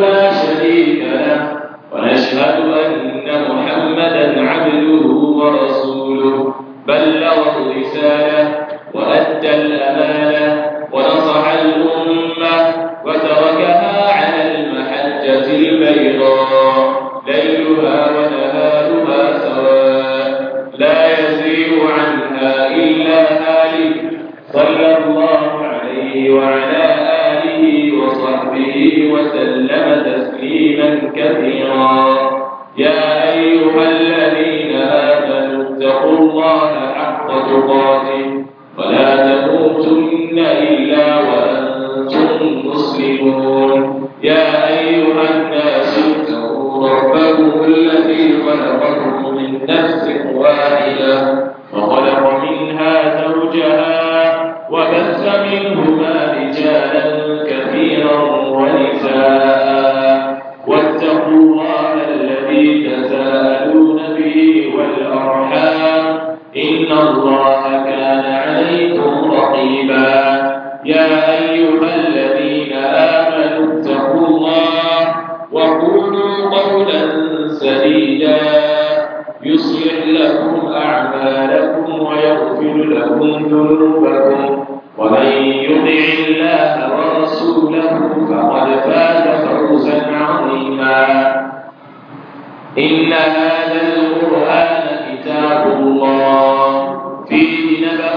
Bless.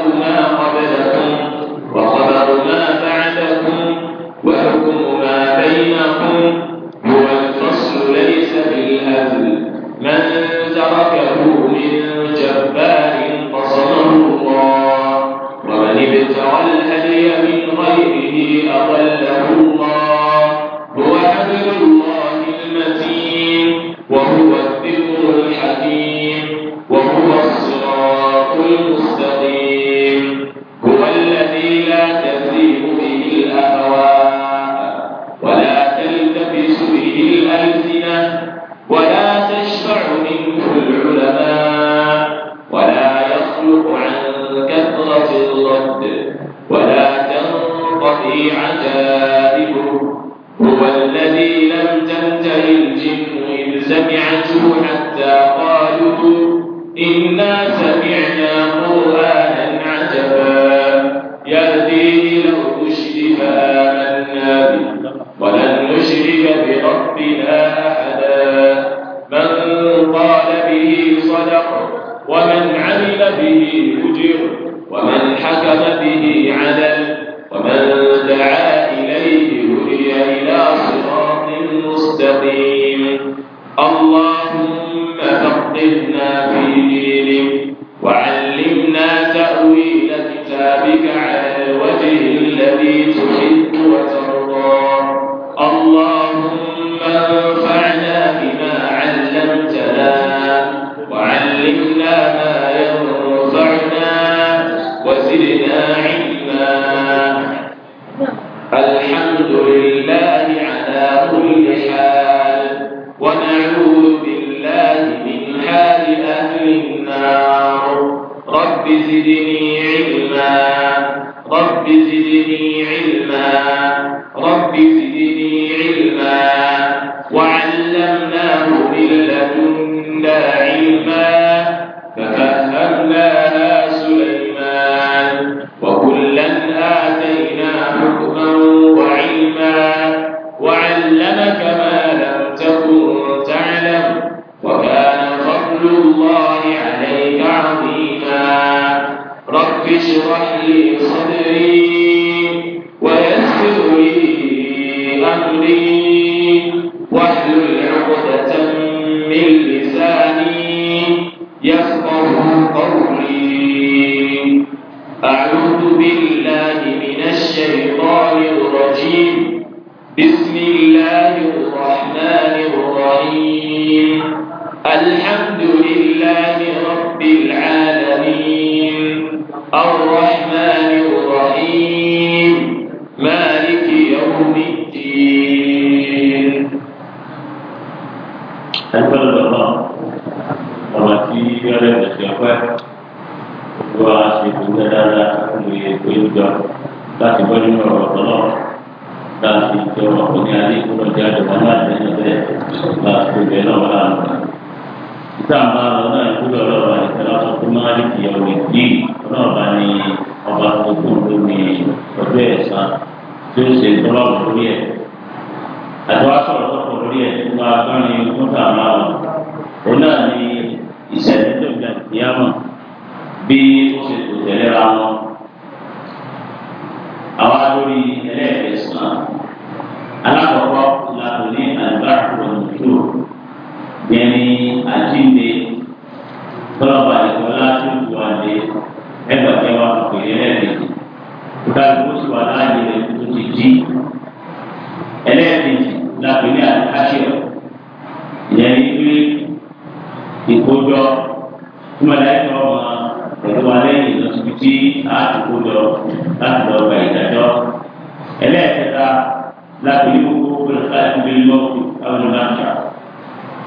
وخبر ما بعدكم وحكم ما بينكم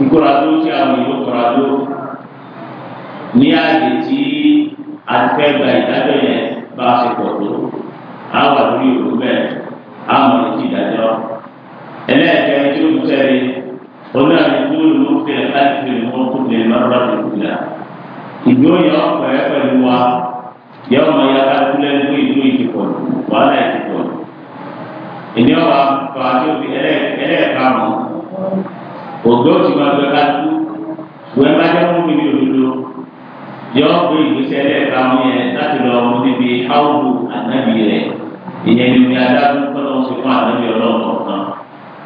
nkóradó tí àwọn èèyàn kóradó ní àyè tí àtẹ́gbà ìdájọ́ yẹn bá ṣe pọ̀ tó àwọn àdúrí òkú bẹ́ẹ̀ àwọn ètí ìdájọ́ ẹlẹ́ẹ̀kẹ́ tí ó ń sẹ́rí onáàbí tó lò ó fẹ́ láti fi mọ́ tó lè má rà lòkùnà ìgbó yẹn ọ̀pọ̀ ẹ̀ pẹ̀lú wa yẹ ọmọ ya kájúlẹ̀ ń gbé ìlú ìdìbò wàhálà ìdìbò ìní ọ̀pọ̀ àti òbí ẹlẹ́ẹ̀kẹ́ àmọ́ òjò ti máa gbẹ ká dú wẹ́n bá jẹ́ mú mi ní òdodo yọ pé ìgbésẹ̀ lẹ́ẹ̀ka wọn yẹn láti lọ mú níbi áwùjọ ànábì rẹ̀ ìyẹn ni omi adágún kọ́lọ́ ń ṣe fún ànábì ọlọ́ọ̀kọ̀ kan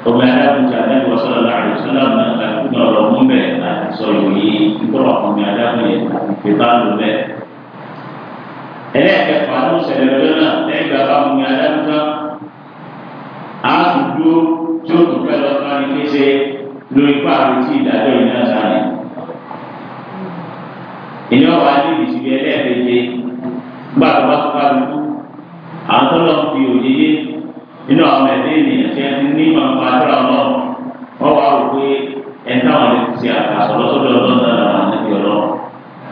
omi adágún ti ànábì ọ̀sọ́lá láàrin ọ̀sọ́lá náà láti ní ọ̀rọ̀ mú bẹ́ẹ̀ láti sọ ìròyìn nítorọ̀ omi adágún yẹn fi bá lò bẹ́ẹ̀. ẹlẹ́ẹ̀kẹfà ló ṣẹlẹ̀ lọ́jọ́ náà lẹ́yìn bàbá omi adágún tán á tún tí ó tún lórí fún àwọn tí ìdájọ́ yìí náà sáré. Ìní ọ̀rọ̀ adé ìdí síbi ẹlẹ́ẹ̀kẹ́jẹ gbàgbọ́ bá tó bá dúdú. Àwọn tó lọ fi òye yé nínú àwọn ẹ̀dẹ́ ènìyàn tí ẹni ní ìmọ̀nàmọ́ àdúrà náà wọ́n wá wò pé ẹni táwọn lè ti àkàsọ̀ lọ́sọ̀dọ̀ lọ́sọ̀dọ̀ àwọn àdébíọ́lọ́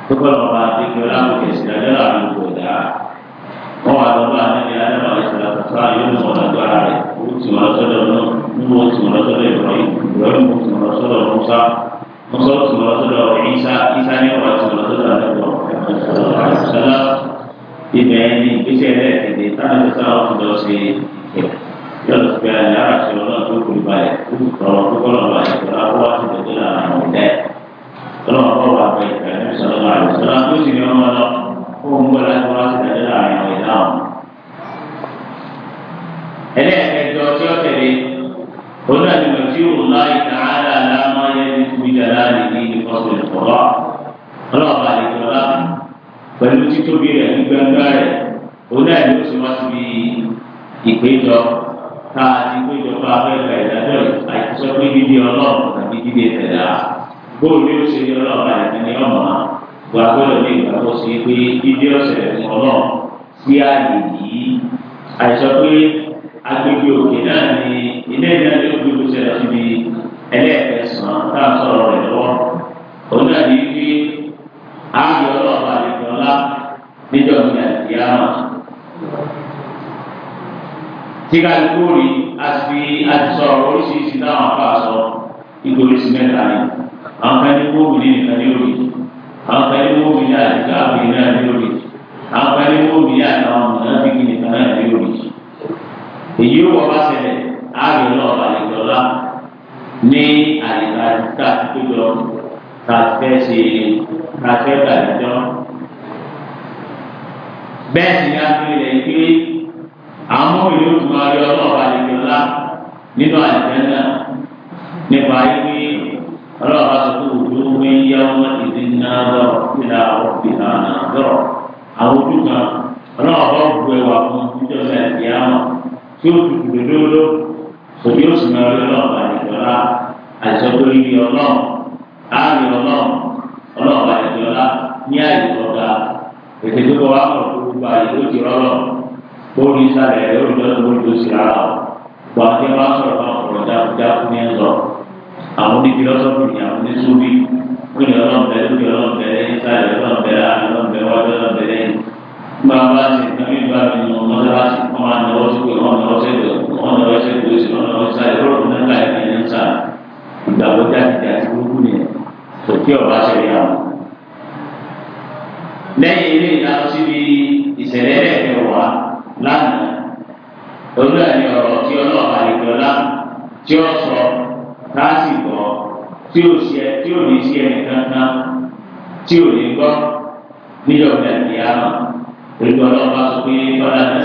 tó kọ́ lọ́ba àdébíọ́lá kò kẹ̀sì dájọ́ làwọn ìgbò dáa wọn wà lọ́dọ̀ àdébí adébá ìṣẹ̀lẹ̀ àtàtà yóò mọ̀ lọ́dọ̀ ààrẹ ó ti wọn lọ́sọ̀dọ̀ náà nínú ó ti wọn lọ́sọ̀dọ̀ ìrọ̀yìn ìrọ̀yìn ó ti wọn lọ́sọ̀dọ̀ musa musa ó ti wọn lọ́sọ̀dọ̀ ìsa ìsa ní ọ̀rọ̀ ti wọn lọ́sọ̀dọ̀ àdébọ̀ ibẹ̀ ni ìgbésẹ̀ rẹ̀ tètè táwọn ìṣẹ̀lẹ̀ ọ̀tọ̀ ṣe yọ̀lọ̀ fẹ́ yàrá ìṣẹ̀lẹ̀ ọ̀tọ̀ tó kùn balẹ̀ ó ti tọ̀rọ̀ tó kọ́ lọ́wọ́ àìsàn àwọn àti tẹ̀tẹ̀ làwọn ọ̀dẹ́ tọ́lọ́wọ́ bá wà pẹ̀lú ìfẹ́ ní sọ̀rọ̀ àìsàn tó sì ní ọmọ náà fún òun gbọ́dọ̀ láti wọ́n láti dájọ́ láàrin àwọn ìlà ọ̀hún. ẹlẹ́ẹ̀kẹjọ tí ó tẹ̀lé onú àdìgbò tí ó lá ìtàhálà lámọ́ yẹn ní kúbíjà láàrin ní ìfọ́sọ̀ ìfọ́lá ọlọ́ọ̀bà àdìgbò lá pẹ̀lú títóbi rẹ̀ ní gbẹ̀ngà rẹ̀ onú àdìgbò tí wọ́n ti fi ìpéjọ ká àdìgbò ìjọba abẹ́rẹ́ ìdájọ́ àìsọ pé dídí ọlọ́ọ̀ tàbí dídí ẹ̀dá bóòlù yóò ṣe ní ọlọ́ọ̀bà àdìgbò ọmọ náà wà gbọ́dọ̀ ní ìgbàgbọ́ sí pé ibi ọ̀sẹ̀ ọ̀nà sí ààyè yìí àìsàn pé agbègbè òkè náà ni ilé ìdájọ́ gbogbo ṣẹlẹ̀ síbi ẹlẹ́ẹ̀kẹsàn-án tá a sọ̀rọ̀ rẹ̀ lọ́wọ́ òun náà ní pé ààyè ọlọ́ọ̀bà àlejò ọlá níjọ́ ní àdìyá náà. tí ká ló rí àti àti oríṣiríṣi náà wọ́n fà sọ ìgbòrísí mẹ́ta ni àwọn kan ní kó òmìnir àwọn pẹ̀lú mọ́mí ní àdúgbò àwọn ìlú náà lórí àwọn pẹ̀lú mọ́mí ní àtàwọn ọmọ náà fi kíni kan náà lórí. èyí ó wọ bá ṣẹlẹ̀ ààrẹ náà àlejòlá ní àlejò àdúgbò àtijọ́ kàfẹ́ ṣe kàfẹ́ gbàdúgbò. bẹ́ẹ̀ sì ni a fi lè gbé àwọn ìlú tó máa yọ ọlọ́ọ̀bà àlejòlá nínú àlejò náà nípa ayé ọlọ́ọ̀bà tó kù tó ń yẹ ọmọ ìlú náírà ìlà ọ̀gbìnà náírà àwọn ojú kan ọlọ́wọ́ bá bu ẹwà fún ìjọba ẹ̀dí àwọn tí ó tutù lódòdó òbí ó sì máa rí ọlọ́ọ̀bà ìjọba àìsọ́gbó yìí ọlọ́ọ̀ àárí ọlọ́ọ̀ ọlọ́ọ̀bà ìjọba ní àyè ọ̀gá ètò ìdókò wa kọ̀ tó gbogbo àyè ó ti rọ́lọ̀ bóri sáré ẹ̀ lórí lọ́dún bóri tó sì rárá o wà á jẹ́ wá sọ̀rọ̀ náà ọ̀rọ̀ dáadáa bóyá ọlọ́ọ̀bẹ lókè ọlọ́ọ̀bẹ ìsàlẹ̀ ọlọ́ọ̀bẹ ọlọ́ọ̀bẹ wájú ọlọ́ọ̀bẹ lẹ́yìn. gba bá ti kàmí gba mi nù mọ́sálásí wọ́n máa nọ ọ́ sípò wọ́n nọ ọ́ sípò wọ́n nọ ọ́ sípò sí wọ́n nọ ọ́ sálẹ̀ ọlọ́ọ̀bẹ náà láì ní ẹ̀ ń sá ìgbàgbọ́ jáde àti gbogbo nìyẹn kò kí ọba ṣẹlẹ̀ àwọn. lẹ́yìn ilé ìlànà síbi ìṣẹ̀lẹ̀ ẹ̀kẹwàá lánàá olú ẹ̀mí ọ̀rọ̀ tí ọlọ́ọ̀bà lè lánàá tí ó sọ káàsì gbọ́ tí ò sí tí ò ní sí ẹni kankan tí ò ní gbọ́ níjọba ìyá olùkọ́ ọlọ́run bá sọ pé bọ́lá ní.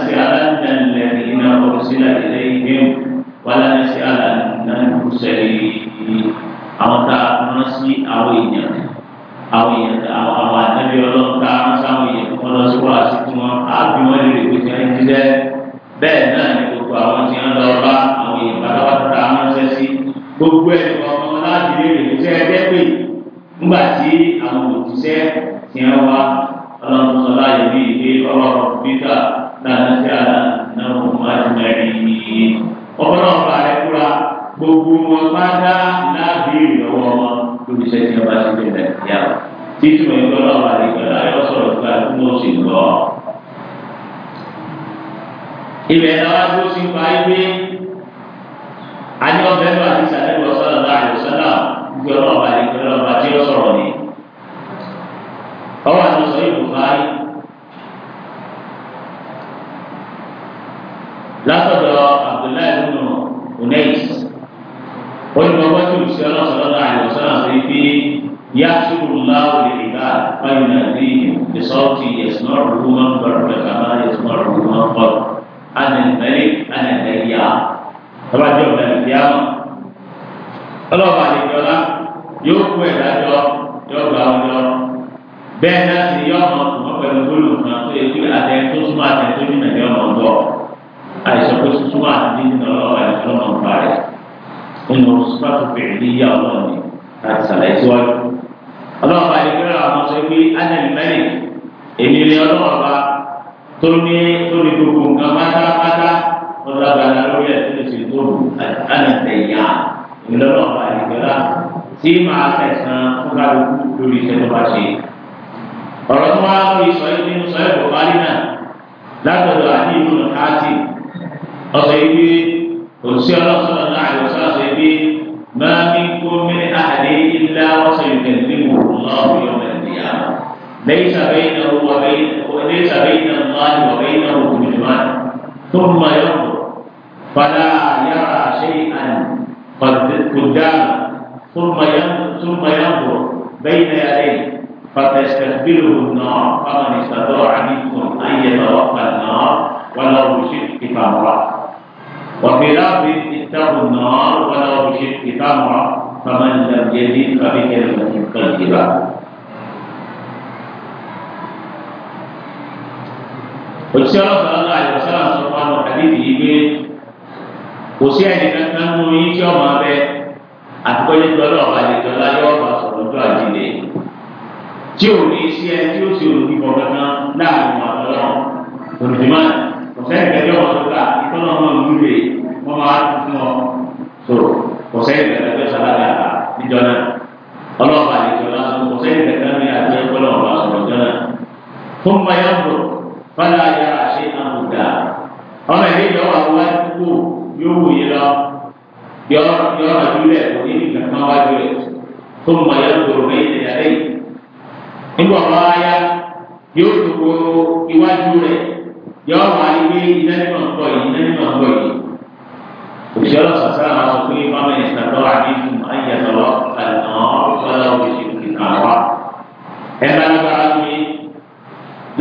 بينه وبين وليس بين الله وبينه بالمال ثم ينظر فلا يرى شيئا قدامه ثم ينظر ثم ينظر بين يديه فتستقبله النار فمن استطاع منكم ان يتوقع النار ولو بشق تمره وفي لفظ اتقوا النار ولو بشق تمره فمن لم يجد فبكلمه كالجبال òtítí ọlọ́pàá lọ́la àyọ̀sọ́lá sọ̀rọ̀ àwọn àdéhùn yìí gbé kò sí ẹni kankan mú yín tí ọmọ abẹ àtikọ́lé tọ́lọ́ àlejò láyọ̀ ọ̀bà sọ̀rọ̀ ọjọ́ àjílẹ̀ tí ò ní sí ẹ tí ó sì olùkí kan kankan láàrin wọn àtọ́lọ́ olùdìmọ́ ọ̀sẹ̀ ìgbẹ́jọ́ wọn tó ta ìtọ́nà ọmọ ìlú rẹ̀ wọ́n máa fún ọ so ọ̀sẹ̀ ìgbẹ́jọ́ sàlágà níjọ náà ọlọ́ọ̀bà àlejò lásán ọ̀sẹ̀ ìgbẹ́jọ́ ní àjẹ́ ọlọ́ọ̀bà sọ̀rọ̀ ọjọ́ náà fún fọlá ayé àṣẹ àmúdá ọmọ ẹni yọ àwọn àdúgbò yóò wòye lọ yọ yọ àdúlẹ òní nìkan kan wá jùlẹ tó mọ ayé lóru ní ìdílé ayé nígbà wọn ayá yóò dòkó iwájú rẹ yọ wọn ayé gbé iná nínú ọgbọ yìí iná nínú ọgbọ yìí òṣìṣẹ́ ọlọ́sàn sára àwọn òfin fámìlì ìsàtọ́ àdínkù ayélujára àná ọ̀pọ̀lọpọ̀ òṣèlú kìkà wá ẹ̀ bá lágbára mi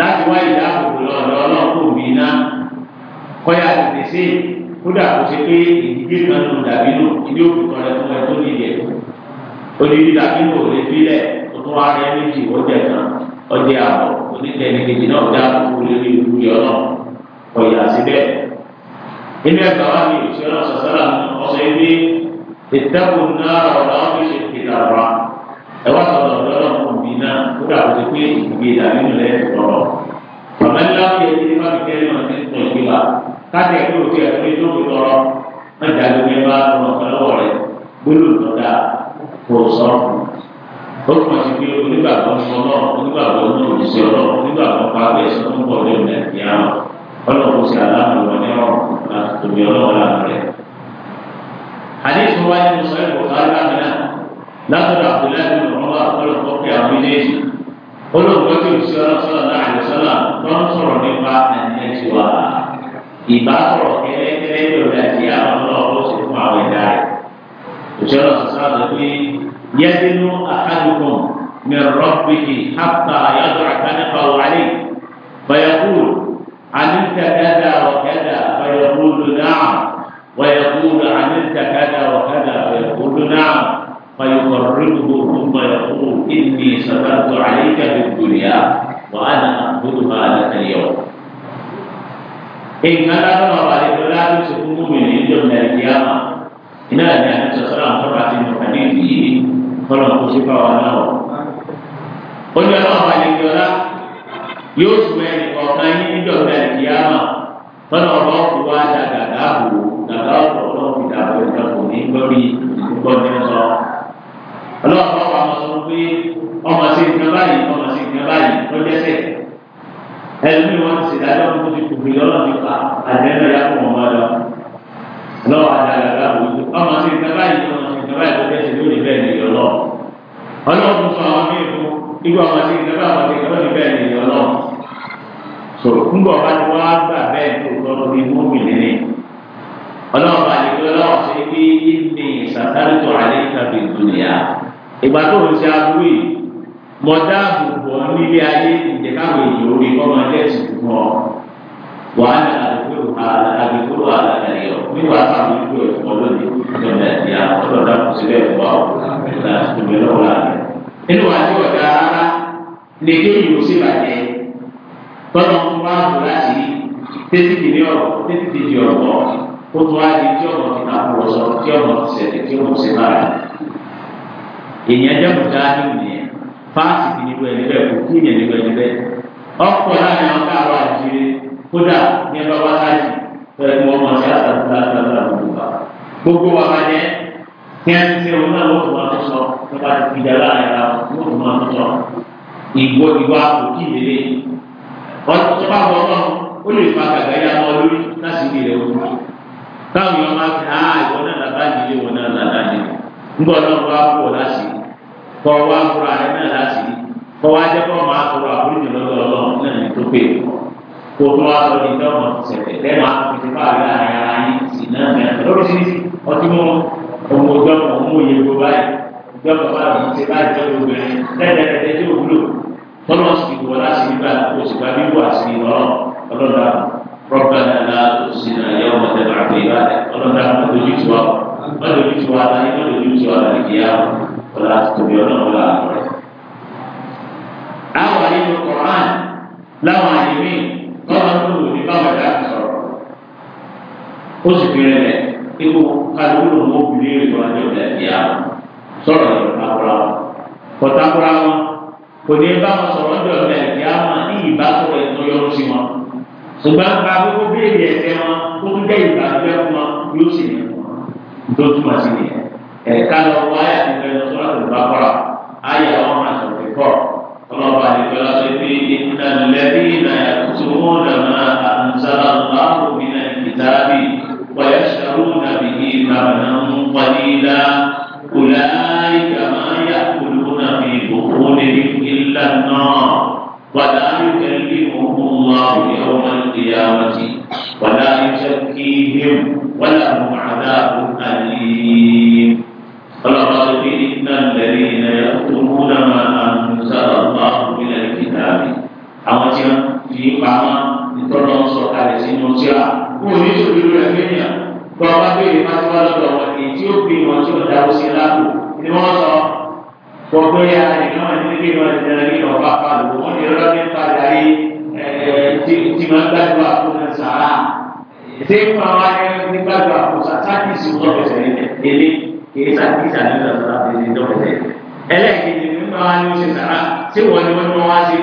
láti wá ìdá kọ́yà tètè sí kódà kò ṣe pé ìdíje kan nù dàbí nù ilé òkú kan lẹ́nu ẹ̀ tó nílẹ̀ onídìí dàbí nù òde bílẹ̀ tó tún wá rẹ méjì ọjà kan ọjà àbọ̀ onídẹ̀ẹ́ni kejì náà dá kúkú lórí ìlú yọ náà kọ́yà síbẹ̀ inú ẹ̀ka wá ní ìṣẹ́ náà sọ̀sọ́là ọ̀sẹ̀ ibi ìtẹ́kùn náà ọ̀dà ọ̀fíìsì ìdàgbà ẹ̀wá sọ̀rọ̀ lọ́rọ̀ kùnbí náà kódà kò ṣe káàtì ẹ̀kọ́ òkè ẹ̀kọ́ ètò òkùtọ̀rọ̀ mẹ́ta ló ní bá ọmọ ọ̀pẹ̀lọ́wọ̀ rẹ̀ gbólóhùn tó dáa kò sọ. ó kàn sí pé onígbàgbọ́ sọ náà onígbàgbọ́ ní òṣìṣẹ́ ọlọ́run onígbàgbọ́ pa abẹ́ sọ ń bọ̀ lórí nàìjíríà ọlọ́run sì aláàbò ní ọ̀run àti tòmí ọlọ́run àbẹ̀rẹ̀. àdéhùn wáyé mo sọ ẹ̀kọ́ látọ̀dọ̀ àbúlẹ́bí ọ̀rọ̀ àpọ̀lọpọ̀ pé àwọn méjèèjì olóògbé tí òṣìṣẹ́ ọlọ́sọ̀rọ̀ náà àlùsọ́là tó ń sọ̀rọ̀ nípa ẹ̀yẹ́ tiwa ìbáwọ̀ kẹ́lẹ́kẹ́lẹ́ yóò dá sí àwọn ọlọ́wọ́ sì fún àwọn ẹ̀dá rẹ̀. òṣèlú ọ̀sán sọ pé yẹ́dínú àkádùkùn mi rọ́bìkì hápá yàtọ̀ àkádùkà wàlẹ̀ fayakúl àníta kádà ọ̀kádà fayakúl náà fayakúl àníta kádà ọ̀kádà fayakúl náà fayakúrìbù fayakúl ìní sọ̀tàtọ̀ àyíká bìbùrìyà wà á nà àbúrò bá a nǹkan dábàá ọ̀rọ̀ àdìgbò láti ṣe fún gbogbo ènìyàn jọ nàìjíríà mà iná ìdí àti sọ̀tọ́lá àkọ́kọ́ àti ìmọ̀ká ní ìdí yìí kọ́nà kó sí fáwa náà wọ̀. ó ní ọlọ́run àdìgbò ọlá yóò sùn ẹnì kọ̀ọ̀kan yín níjọ nàìjíríà mà kọ́nà ọ̀rọ̀ kò wá da gàgà àbò gàgà ọ̀rọ̀ ọlọ́run fi dàbò ìdàbò ní lórí ìgbọ́ ní sọ. ọlọ́run ọmọ sọ pé ọmọ sí nǹkan báyìí ọmọ sí nǹkan ẹlòmíì wọn ti ṣèdájọ́ kó ti kùkù yọlọ nípa àdéhùn ya fún ọmọ lọ lọ́wọ́ àdàgàgà òjò ọmọ sí ìjọba yìí ọmọ sí ìjọba yìí tó fẹsẹ lórí bẹ́ẹ̀ ni yọlọ Ọlọ́run sọ àwọn míì fún igbó ọmọ sí ìjọba ọmọ sí ìjọba yìí bẹ́ẹ̀ ni yọlọ so ńgbọ bá ti wá gbà bẹ́ẹ̀ tó lọrọ ní mọmìnì ni Ọlọ́run àdìgbò lọ́wọ́ sí ibi ìmì sàtàlítọ àlẹ ìtàbí ìdúnyà ìgbà tó ń ṣe aburú yìí mọ dáàbò bọ̀ nílé ayé ìjẹ́káwé ìyórí ọmọdé ẹ̀sìn fún ọ. wàá ní àdúgbò àdúgbò àlàkàlẹ̀ ọ̀ níwà àwọn ìlú ẹ̀kọ́ lónìí ìjọba ẹ̀dí àwọn ọ̀dọ́ sílẹ̀ ẹ̀kọ́ àwọn nínú àti ọ̀dà rárá ní kéwì ó sì bàjẹ́ tọ́nà ń wá bò láti tètè kìíní ọ̀rọ̀ tètè kìíní ọ̀rọ̀ kó tó wá di tí ọ̀rọ̀ ti nàkúrọ̀sọ tí ọ̀rọ̀ ti sẹ̀tẹ̀ tí ọ̀rọ̀ ti bára ìyẹn jẹ́ mọ̀tá nínú fáàsì nílùú ẹni bẹ́ẹ̀ kò kí ìyẹn nílùú ẹni bẹ́ẹ̀ ọkọ̀ láàrin àwọn káàrọ̀ àjíire kódà ní ẹ bá wá láàyè pẹ̀lú wọn máa ṣe àtàkùn látàkùn àbùkù bá gbogbo wa máa jẹ́ kí á ti ṣe òun náà wọ́n tún máa tó sọ tó bá ti gbìdá láàrin ara wọ́n tún máa tó sọ ìwọ ìwà kò kí ìdílé ọtún tó bá wọ ọlọ́run ó lè fa gàgà yá lọ lórí láti ilé rẹ̀ òkú táwọn èèyàn máa fi àá ah, ìwọ náà làbá ìdílé wọn náà làbá ìdílé ńgbọ́ ọlọ́run wá pọ̀ láti kọ́ wá fúra rẹ náà láti rí kọ́ wá jẹ́ kọ́ máa tọrọ àforíjì lọ́dọ̀ ọlọ́run náà ní tó pé kó tó wá sọ ní dọ́mọ̀ sẹ̀tẹ̀ lẹ́nu àtúntì fáwọn ará yín sí náà mẹ́rin lóríṣiríṣi ọtí mú ọmọ ìjọba ọmọ òye gbogbo báyìí ìjọba báyìí ti báyìí jọba obìnrin lẹ́dẹ̀ẹ́dẹ́ tí ò wúlò tọ́lọ́ sì wọ láti nígbà oṣù bá bí wà sí ọ̀rọ̀ ọlọ́dà ربنا لا تخزنا يوم تبعث عبادك ربنا لا تجوز ولا تجوز ولا تجوز ولا تجوز ọlá tóbi ọlọ́run láàánú rẹ̀. àwọn nínú Koran láwọn àyèmí tọ́lá tó wò ní báwọn ẹ̀dá sọ̀rọ̀ ó sì fi rẹ̀ lẹ̀ ipò kálukú ló ń wọ́pù ní ìlú ọjọ́ ìlẹ̀ ní àwọn sọ̀rọ̀ ìrọ̀lákùrá wọn kọ̀tàkùrá wọn kò ní bá wọn sọ̀rọ̀ ọjọ́ ìlẹ̀ ní àwọn ní ìbásọ̀rọ̀ ètò yọrù sí wọn ṣùgbọ́n ká jẹ́ ìbàdúrà fún wọn yóò sì ní wọn tó túmọ̀ sí nìyẹn. ẹ̀ka lọ́wọ́ ayé àti ìfẹ́ lọ́sọ́rọ́ àti ìbáfọ́ra ayé àwọn máa sọ̀rọ̀ kíkọ́ ọlọ́ba àti ìfẹ́ lọ́sọ́ pé iná lẹ́bí iná ẹ̀kúsùnmọ́ nàmá àǹsára láàbò iná ìdábì wọ́yẹ̀ ṣàrú nàbì ní ìbàmọ́nà ń pàdé ilá kùlá ìgbàmọ́ ayé àkùlù nàbì òkú níbi ilá náà wàdà ayọ̀kẹ́lẹ́ ìmọ̀kùnmọ́ àwọn ìyàwó ولا يزكيهم ولهم عذاب أليم فلقد إن الذين يكتمون ما أنزل الله من الكتاب àwọn tí wọn fi pamọ́ nítorí wọn sọ kalẹ̀ sínú tí a wọn ò ní sòbí rẹ fẹyà tó ọba béèrè má tó wá lọ́dọ̀ wọn èyí tí ó gbé wọn tí ó dáwó sí lápò ni wọn sọ gbogbo ya nìkan wọn níbi wọn ti dẹrẹ ní ọba àpàlù wọn ní ọlọ́dún nípa darí tí tí wọn gbàdúrà fún kìí sàkísà nínú ọ̀sán àti ìdọ́kẹ̀tẹ̀ ẹlẹ́ẹ̀kejì nípa wa ni ó ṣe sàrà tí wọ́n ni wọ́n ni wọ́n wá sí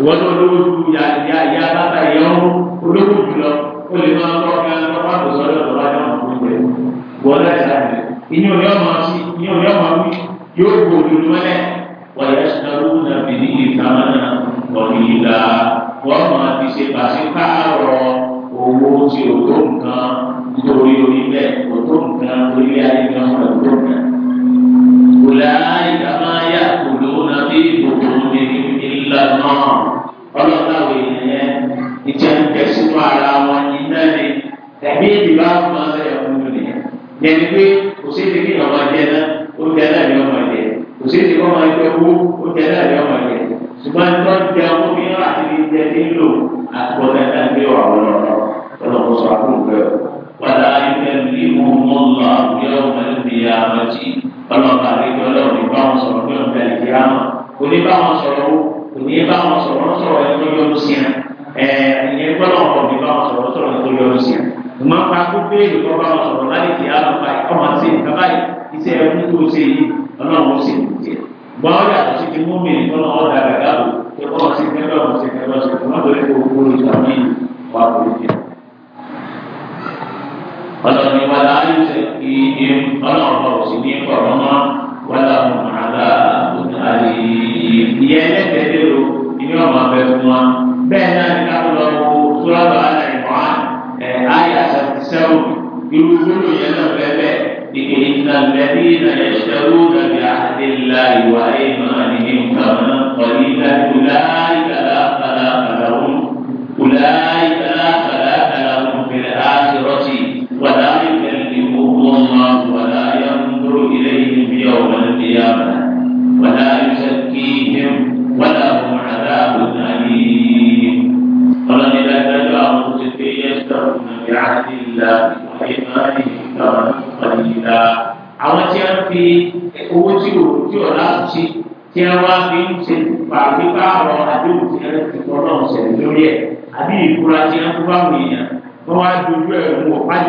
ìwọ́n tó olówó ju ìyá ìyá ìyá bàbá ìyá ọ̀hún olówó jùlọ ó lè máa lọ kí wọn bá tó sọ́dọ̀ tó wá dáhùn fún ìgbẹ́ wọ́n láì sáré ìyẹn ò ní ọmọ sí ìyẹn ò ní ọmọ wí yóò gbó olùdó mẹ́lẹ̀ wọ́n yẹ sọ́dọ̀ nàbì ní ìtàmánà ọ̀nìyìlá wọ́n máa fi ṣe pàṣípààrọ̀ owó tí ò tó nǹkan nítorí orí bẹ́ẹ̀ kò tó nǹkan orí ayé náà kò tó nǹkan. Kòlá ìdáná yà kòló na bí kòkó ní ìlà náà. Ọlọ́láwò ìyẹn ìjẹ́ ń bẹ sínú ara wọn ní mẹ́rin. Ẹ̀mí ìdìbò àwọn máa ń lẹ́yìn ọmọ mi. Yẹ̀ni pé kò sí ti kí ọmọ jẹ náà, ó jẹ náà ní ọmọ jẹ. Kò sí ti kọ́ máa jẹ owó, ó jẹ náà ní ọmọ jẹ. Ṣùgbọ́n ní wọ́n jẹ ọmọ mi láti ní jẹ nílò àtúbọ̀tán náà ní ọ̀rọ̀ ọ̀rọ̀ ọ̀rọ̀ ọ̀rọ̀ ọ̀rọ̀ wàlá ìfẹ̀lì ìmọ̀lá yọ ẹ̀mí àmọ́tí ọlọ́ọ̀bà àdéjọ́ lọ́wọ́ ní báwọn sọ̀rọ̀ pé ọ̀bẹ ìdíra wọn kò ní báwọn sọ̀rọ̀ o kò ní báwọn sọ̀rọ̀ sọ̀rọ̀ ẹ̀ tó sí ẹ̀ ìyẹn gbọ́dọ̀ ọ̀pọ̀ ní báwọn sọ̀rọ̀ sọ̀rọ̀ ẹ̀ tó sí ẹ̀ ìmọ̀ pa béèrè kọ́ báwọn sọ̀rọ̀ láyé kí á lọ́ọ́ báyìí ọmọ sí fẹ́ ọlọ́ni wàlá ayíṣẹ́ kí ẹ ọlọ́run ọ̀rọ̀ sí ní ọ̀rọ̀ mọ́ wàlá mọ̀nàlá àlè ìyẹn lẹ́sẹ̀ lérò ìní ọmọ abẹ fún wa bẹ́ẹ̀ náà ní ká lọ wo sọ́lá àlàyéwá ẹ̀ ayà sẹ́wọ̀n irú gbóló yẹn náà bẹ́ẹ̀ bẹ́ẹ̀ ìpè ìnàlẹ́bí ìnàlẹ́ ìṣẹ́wó nàbí àdéhùn láì wáyé máa nìyí nǹkan náà pẹ̀lú ìdájọ́ láì kàlá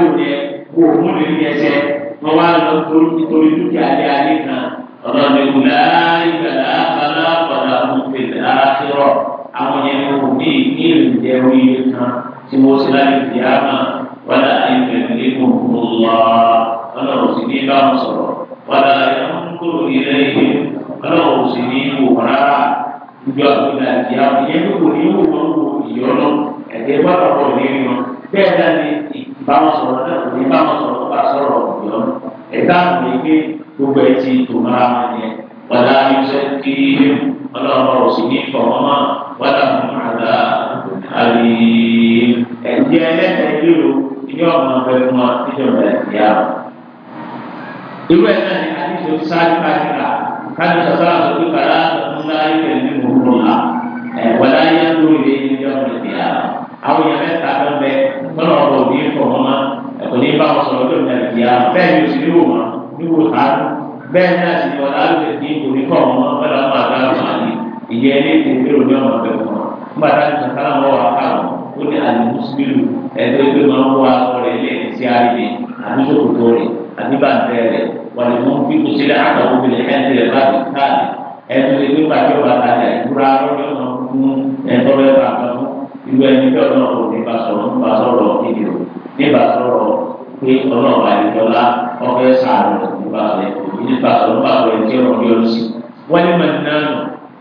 lò yẹ kó o mú lórí ẹsẹ̀ lọ́wọ́ àlọ́ nítorí dúkìá lé ayé kan.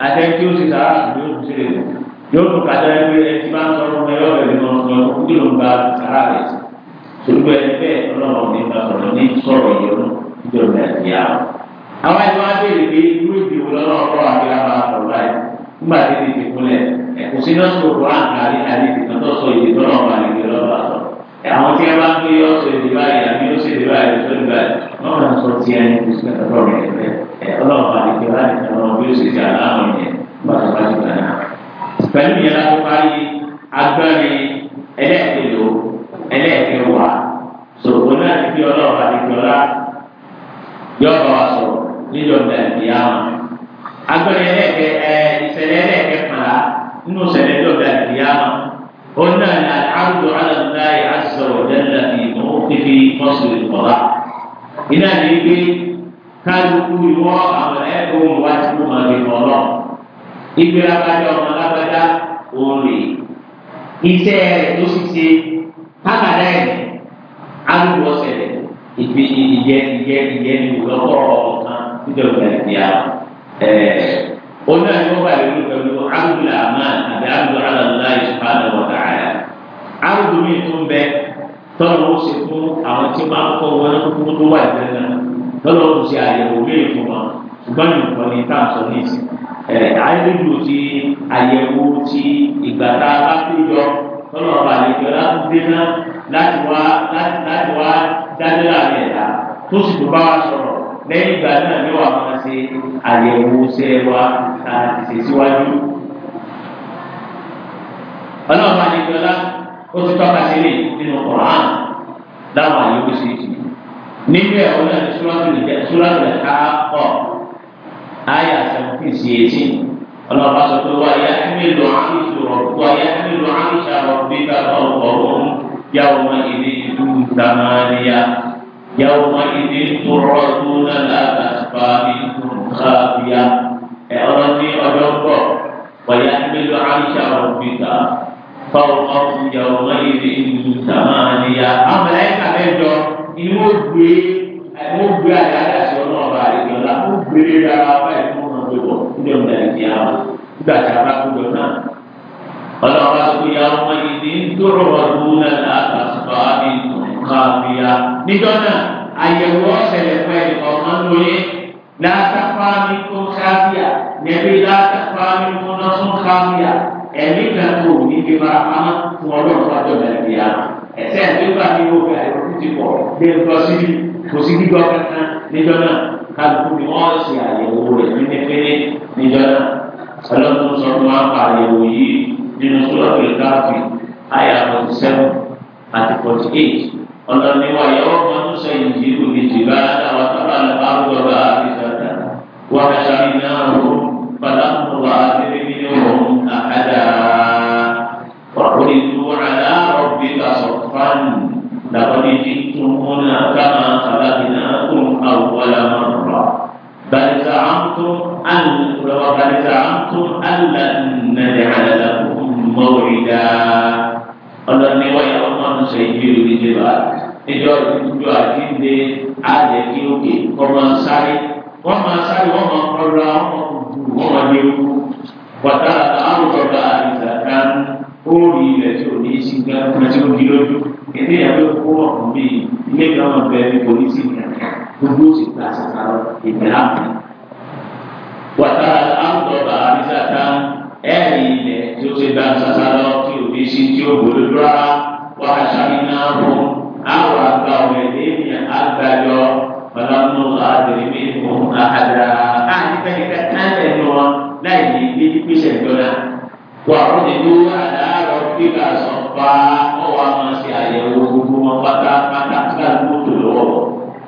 àtẹ̀kí ó sì sára ṣùgbọ́n yóò tún ṣe yóò tún kájọ ẹgbẹ́ ẹtí máa ń sọ̀rọ̀ ọmọ ẹ̀yọ́ rẹ̀ nínú ọ̀sán ọdún kí ló ń gba sára rẹ̀ sí. Sọ̀rọ̀ ẹni bẹ́ẹ̀ ọlọ́run ní ma sọ̀rọ̀ ní sọ̀rọ̀ ìyọnu ìjọba ẹ̀sìn yà wọ́n. Àwọn ẹni wá béèrè pé irú ìdìbò lọ́rọ̀ ọ̀rọ̀ àgbẹ̀rẹ̀ máa ń sọ̀rọ̀ láì nígbà tí ti Àwọn tí wọ́n bá ń gbé ọ̀sọ̀ ìdìbò àyè àbí ó ìdìbò àyè tó ń gbà wọ́n máa sọ ti ẹni kùsùn ẹ̀kọ́ rẹ̀ ọlọ́run bá dìgbò láti fún ọ bí ó sì dà láwọn yẹn bàtà bá ti gbàdá. pẹ̀lú yẹn láti parí agbárin ẹlẹ́ẹ̀kẹ́lò ẹlẹ́ẹ̀kẹ́wà sòkò náà ti fi ọlọ́run bá dìgbò lá yọ̀ọ̀ wa sọ̀rọ̀ níjọ̀ dàbíyá agbárin ẹlẹ́ẹ̀kẹ́ ẹ ìṣẹ̀lẹ̀ ẹlẹ́ẹ̀kẹ́ fara nínú ìṣẹ̀lẹ̀ yọ̀ dàbíyá قلنا العبد على الله عز وجل في kálukú ni wọ́n àwọn ẹ̀kọ́ wọn wá sí fún ọmọdé kọ́lọ́. Ibi abájọ ọmọ alábàdá òòrè iṣẹ́ rẹ̀ tó sì ṣe pákàdá ẹ̀ alùpùpù ọ̀sẹ̀lẹ̀ ìgbé ìjẹ́ ìjẹ́ ìjẹ́ ní ìlọ́kọ̀ ọ̀kan níjọba ìdíyà ẹ̀ oní àyọ̀wá ìlú pẹ̀lú alùpùpù àmà àbí alùpùpù alàlá ìṣùpáàdà wọ̀tà àyà. Alùpùpù mi tún bẹ tọ́lọ̀ ó ṣe fún àwọn tí wọ́n máa ń kọ́ wọn kúkú tó wà ìdẹ́gbẹ̀rún lọ́dọ̀ ọ̀hún ṣe àyẹ̀wò léè fún wọn ṣùgbọ́n ní nǹkan ní tá à ń sọ ní ìsìn ẹ̀ àìlèlò ti àyẹ̀wò ti ìgbà tá a bá tó yọ lọ́dọ̀ ọba àlejò láti dé náà láti wá láti wá dájọ́ àmì ẹ̀dá tó sì tó bá wa sọ̀rọ̀ lẹ́yìn ìgbà náà ni wàá máa ṣe àyẹ̀wò ṣe wa àti ṣe síwájú. ọlọ́ọ̀ba àlejò lá ó ti tọ́ka sílẹ̀ nínú Kùránì láwọn àyẹ̀wò ṣe é nínú ẹ̀ wọ́n náà sùrọ̀tù lè sùrọ̀tù lè ká ọ̀ ayà seventeen sí eighteen ọlọ́ba sọ pé wà yá mílò àmìṣe rọ̀ wà yá mílò àmìṣe rọ̀ bí ká ọ̀pọ̀ ọ̀hún yàwó ma ìdí ìdú tàmáníyà yàwó ma ìdí tó tó náà ti pọ̀ lé lọ síbi kò sí gbígbọ́ kankan níjọ́ náà kálukú ni wọ́n ṣe àyẹ̀wò rẹ̀ nínífẹ́lẹ́ níjọ́ náà ọlọ́run sọ fún wa pa àyẹ̀wò yìí nínú sọ́lá pẹ̀lú káàfin àyà forty seven àti forty eight ọlọ́ni wa yẹ wọ́n mọ musa yìí kò lè jì bá àwọn tábà lọ́wọ́ àgbọ̀dọ̀ àbíkàtà wọ́n aṣáájú náà wọ́n padà mọ̀ wá بل زعمتم أن وقد زعمتم أن لن نجعل لكم موعدا ọlọ́run ni wọ́n yà wọ́n máa ń sọ ìdí ìlú ìjọba ìjọ ìjọ àdínde àjẹ kí òkè kọ́ máa sáré wọ́n máa sáré wọ́n máa kọ́ra wọ́n máa kú wọ́n máa lé wú wàtá àrùbọ̀dà àìsàkà óòrì ilẹ̀ tí ò ní í sí gbà tí ó di lójú ètè ìyàwó kó ọ̀hún bíi ilé ìgbà wọn bẹ̀rẹ̀ polisi ní gbogbo sì gba sàkàrọ̀ ìgbéra mi. wàtá àwùjọba àbísàtà ẹ̀rí ilẹ̀ tí ó ṣe gba sàkàrọ̀ tí òbí sí tí ó gbòòrò rárá wà á sàmì náà fún àwọn àgbà ọ̀rẹ́ lẹ́yìn àgbàjọ balamu adiri mi fún àhàdà. a ní fẹ́ẹ́ ká tán lẹ́nu wọn láì ní ilé pípésẹ̀ jọra. wà á rọ́ọ̀dì ló àdá rọ̀ sọ̀ pa ọ̀wá máa ṣe àyẹ̀wò gbogbo wọn pátá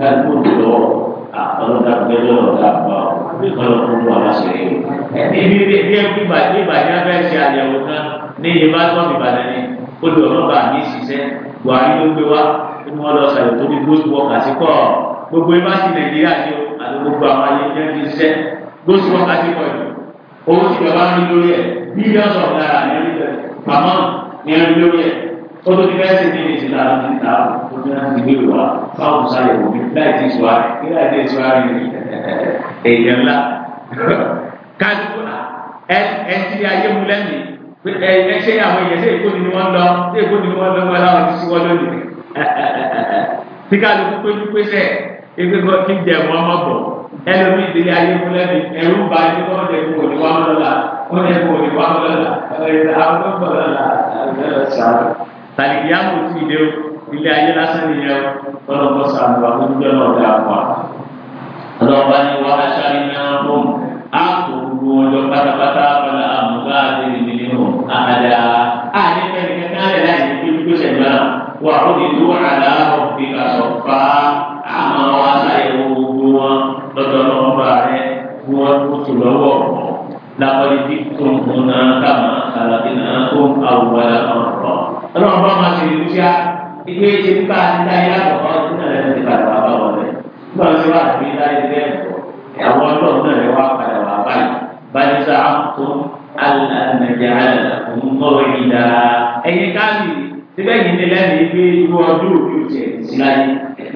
kájú òjò àkọlọ́dà gbẹ́jọ́ ọ̀gá àgbà ìkọlọ́ fún wa láṣẹ yìí. ibi bí bí ẹbí bàjẹ́ bàjẹ́ abẹ́ ṣe àyẹ̀wò kan ní iye bá tọ́ ìbàdàn ni ó lè ọ̀nà bá mi ṣiṣẹ́ buhari ló gbé wá inú wọn lọ ṣàyẹ̀wò tó ní gbóṣù wọ kàṣí kọ́ gbogbo ẹ bá sì nàìjíríà ni ó àti gbogbo àwọn ayẹyẹ ti ṣiṣẹ́ gbóṣù wọ kàṣí kọ́ yìí owó ti bàbá mi lórí ẹ̀ bílíọ̀nù ọ̀gá ó tó ti fẹ́ ṣe ní ìjìlá ti ta ó ní láti gbé wá báwo ṣàyẹ̀wò mi láì ti sọ àrẹ kí láì ti sọ àrẹ ní èèyàn ńlá kájú ẹ ẹ ti ayé mu lẹ́nu ẹ ẹ ṣe àwọn èèyàn ṣe èkó ni ni wọ́n lọ ṣe èkó ni ni wọ́n lọ wọn láwọn ti ṣíwọ́ lónìí tí kálukú péjú pésẹ̀ ẹgbẹ́ kan kí n jẹ wọn ọmọ bọ̀ ẹlòmí ìdílé ayé mu lẹ́nu ẹ̀rú ba ẹni kọ́ ọ̀dẹ̀ kò ní wọ́n lọ́la ọ̀dẹ̀ kò ní wọ́n lọ́la ọ̀dẹ̀ àwọn tó ń bọ̀ lọ́la ọ̀dẹ̀ lọ́sàn-án tàlìkìyà mò tí ì dé o ilé ayé lásán nìyẹn o tọ́lọ̀ bọ́ sàmù wà lójú ọ̀nà ọ̀dà àpá ọlọ́ọ̀bá ni wà á sáré ní ọ̀rọ̀ á kò gbogbo ọjọ́ pátápátá abala àmúgbá àdéhùn nínú àdá àdé fẹ́ẹ́ kẹ́kẹ́ àdé láì ní kí wípé sẹ̀dá wà ó lè ló àdá ọ̀gbìn àsọ̀fà àmọ́ wà á sáré gbogbo wọn lọ́dọ̀ ọlọ́ọ̀bá rẹ̀ wọ́n tó lọ́wọ́ ọlọ́run bá máa ṣe ìrúsíá ìgbé ṣe ń bá ní láyé àbọ̀wọ́ ọdún náà lẹ́nu ti padà wá bá wọn rẹ̀ nígbà tí wàá fi láyé lẹ́ẹ̀kọ́ àwọn ọlọ́run náà lè wá padà wá báyìí báyìí sá tó alàmẹ̀jẹ̀ alàmọ̀wé ìdá ẹ̀yin káàbì síbẹ̀ yìí ni lẹ́nu ìgbé irú ọdún òbí òtẹ̀ sí láyé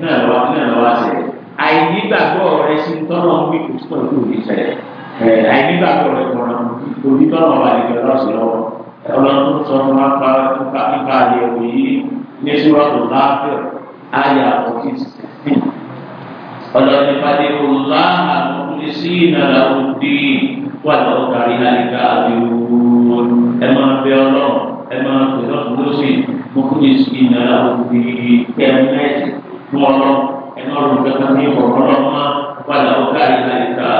náà lọ́wọ́ náà lọ́wọ́ sẹ̀ àìnígbàgbọ́ rẹ̀ sí tọ́nà ń wípé tó ń tó ìṣẹ̀lẹ̀ àìnígbàgbọ́ rẹ̀ kọ̀ọ̀rọ̀ ọlọ́run tó sọ fún apá nípa nípa àyẹ̀wò yìí ní sùrọ̀tù láàbẹ̀ àyà òkè sí. ọlọ́run nípa dèrò ńlá àkókò sí ìnàlá òdì wà lọ́wọ́ kárí àyíká àbíwò ẹ máa bẹ ọlọ́run ẹ máa bẹ lọ́sùn lọ́sìn mo kún sí ìnàlá òdì kẹ́mẹ́tì fún ọlọ́run ẹ máa rò kẹ́kẹ́ ní ìfọ̀rọ̀ ọlọ́run wà lọ́wọ́ kárí àyíká.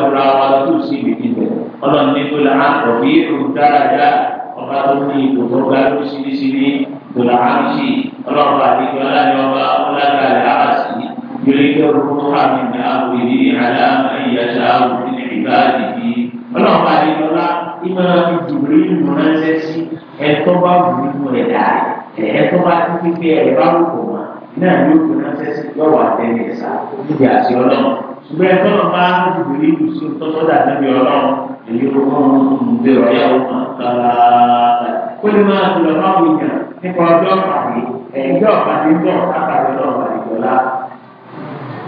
jura wa tó sì lè ní bẹ̀. ọlọ́run ní kó làá kọ̀ bí òun dáradá ọba tó ní ipò tó ga ló ṣíbíṣí ní tòlà áṣì ọlọ́run àdìgbò aláàbí ọba ọlágbàlẹ̀ àṣì yòlẹ́kẹ́ orúkọ àmì ní àwòrán ní àlàáfíà ìyàṣà àwòrán ní ìbáàdì yìí ọlọ́run àdìgbò ọlá ìmọ̀ ìdùnnú ìmọ̀ ránṣẹ́ sí ẹ̀tọ́ bá wù nínú rẹ̀ dáa ẹ̀tọ́ bá ti fi pé bá wù kọ̀ wá náà yóò fi ránṣẹ́ sí yọ̀wọ̀ àtẹ̀lẹ̀ níbi àti ọlọ́run ṣùgbọ́n ẹ̀tọ́ náà bá ìbèrè ìlú sí tọ́sọ́dà níbi ọlọ́run èyí ló kọ́ ọ́n ń bẹ ọ̀yá ọ̀kan sára kó lè máa ti lọ bá wù yàn nípa ọjọ́ pàdé ẹ̀jọ́ pàdé ń bọ̀ látàrí ọlọ́run àdìgbọ́lá.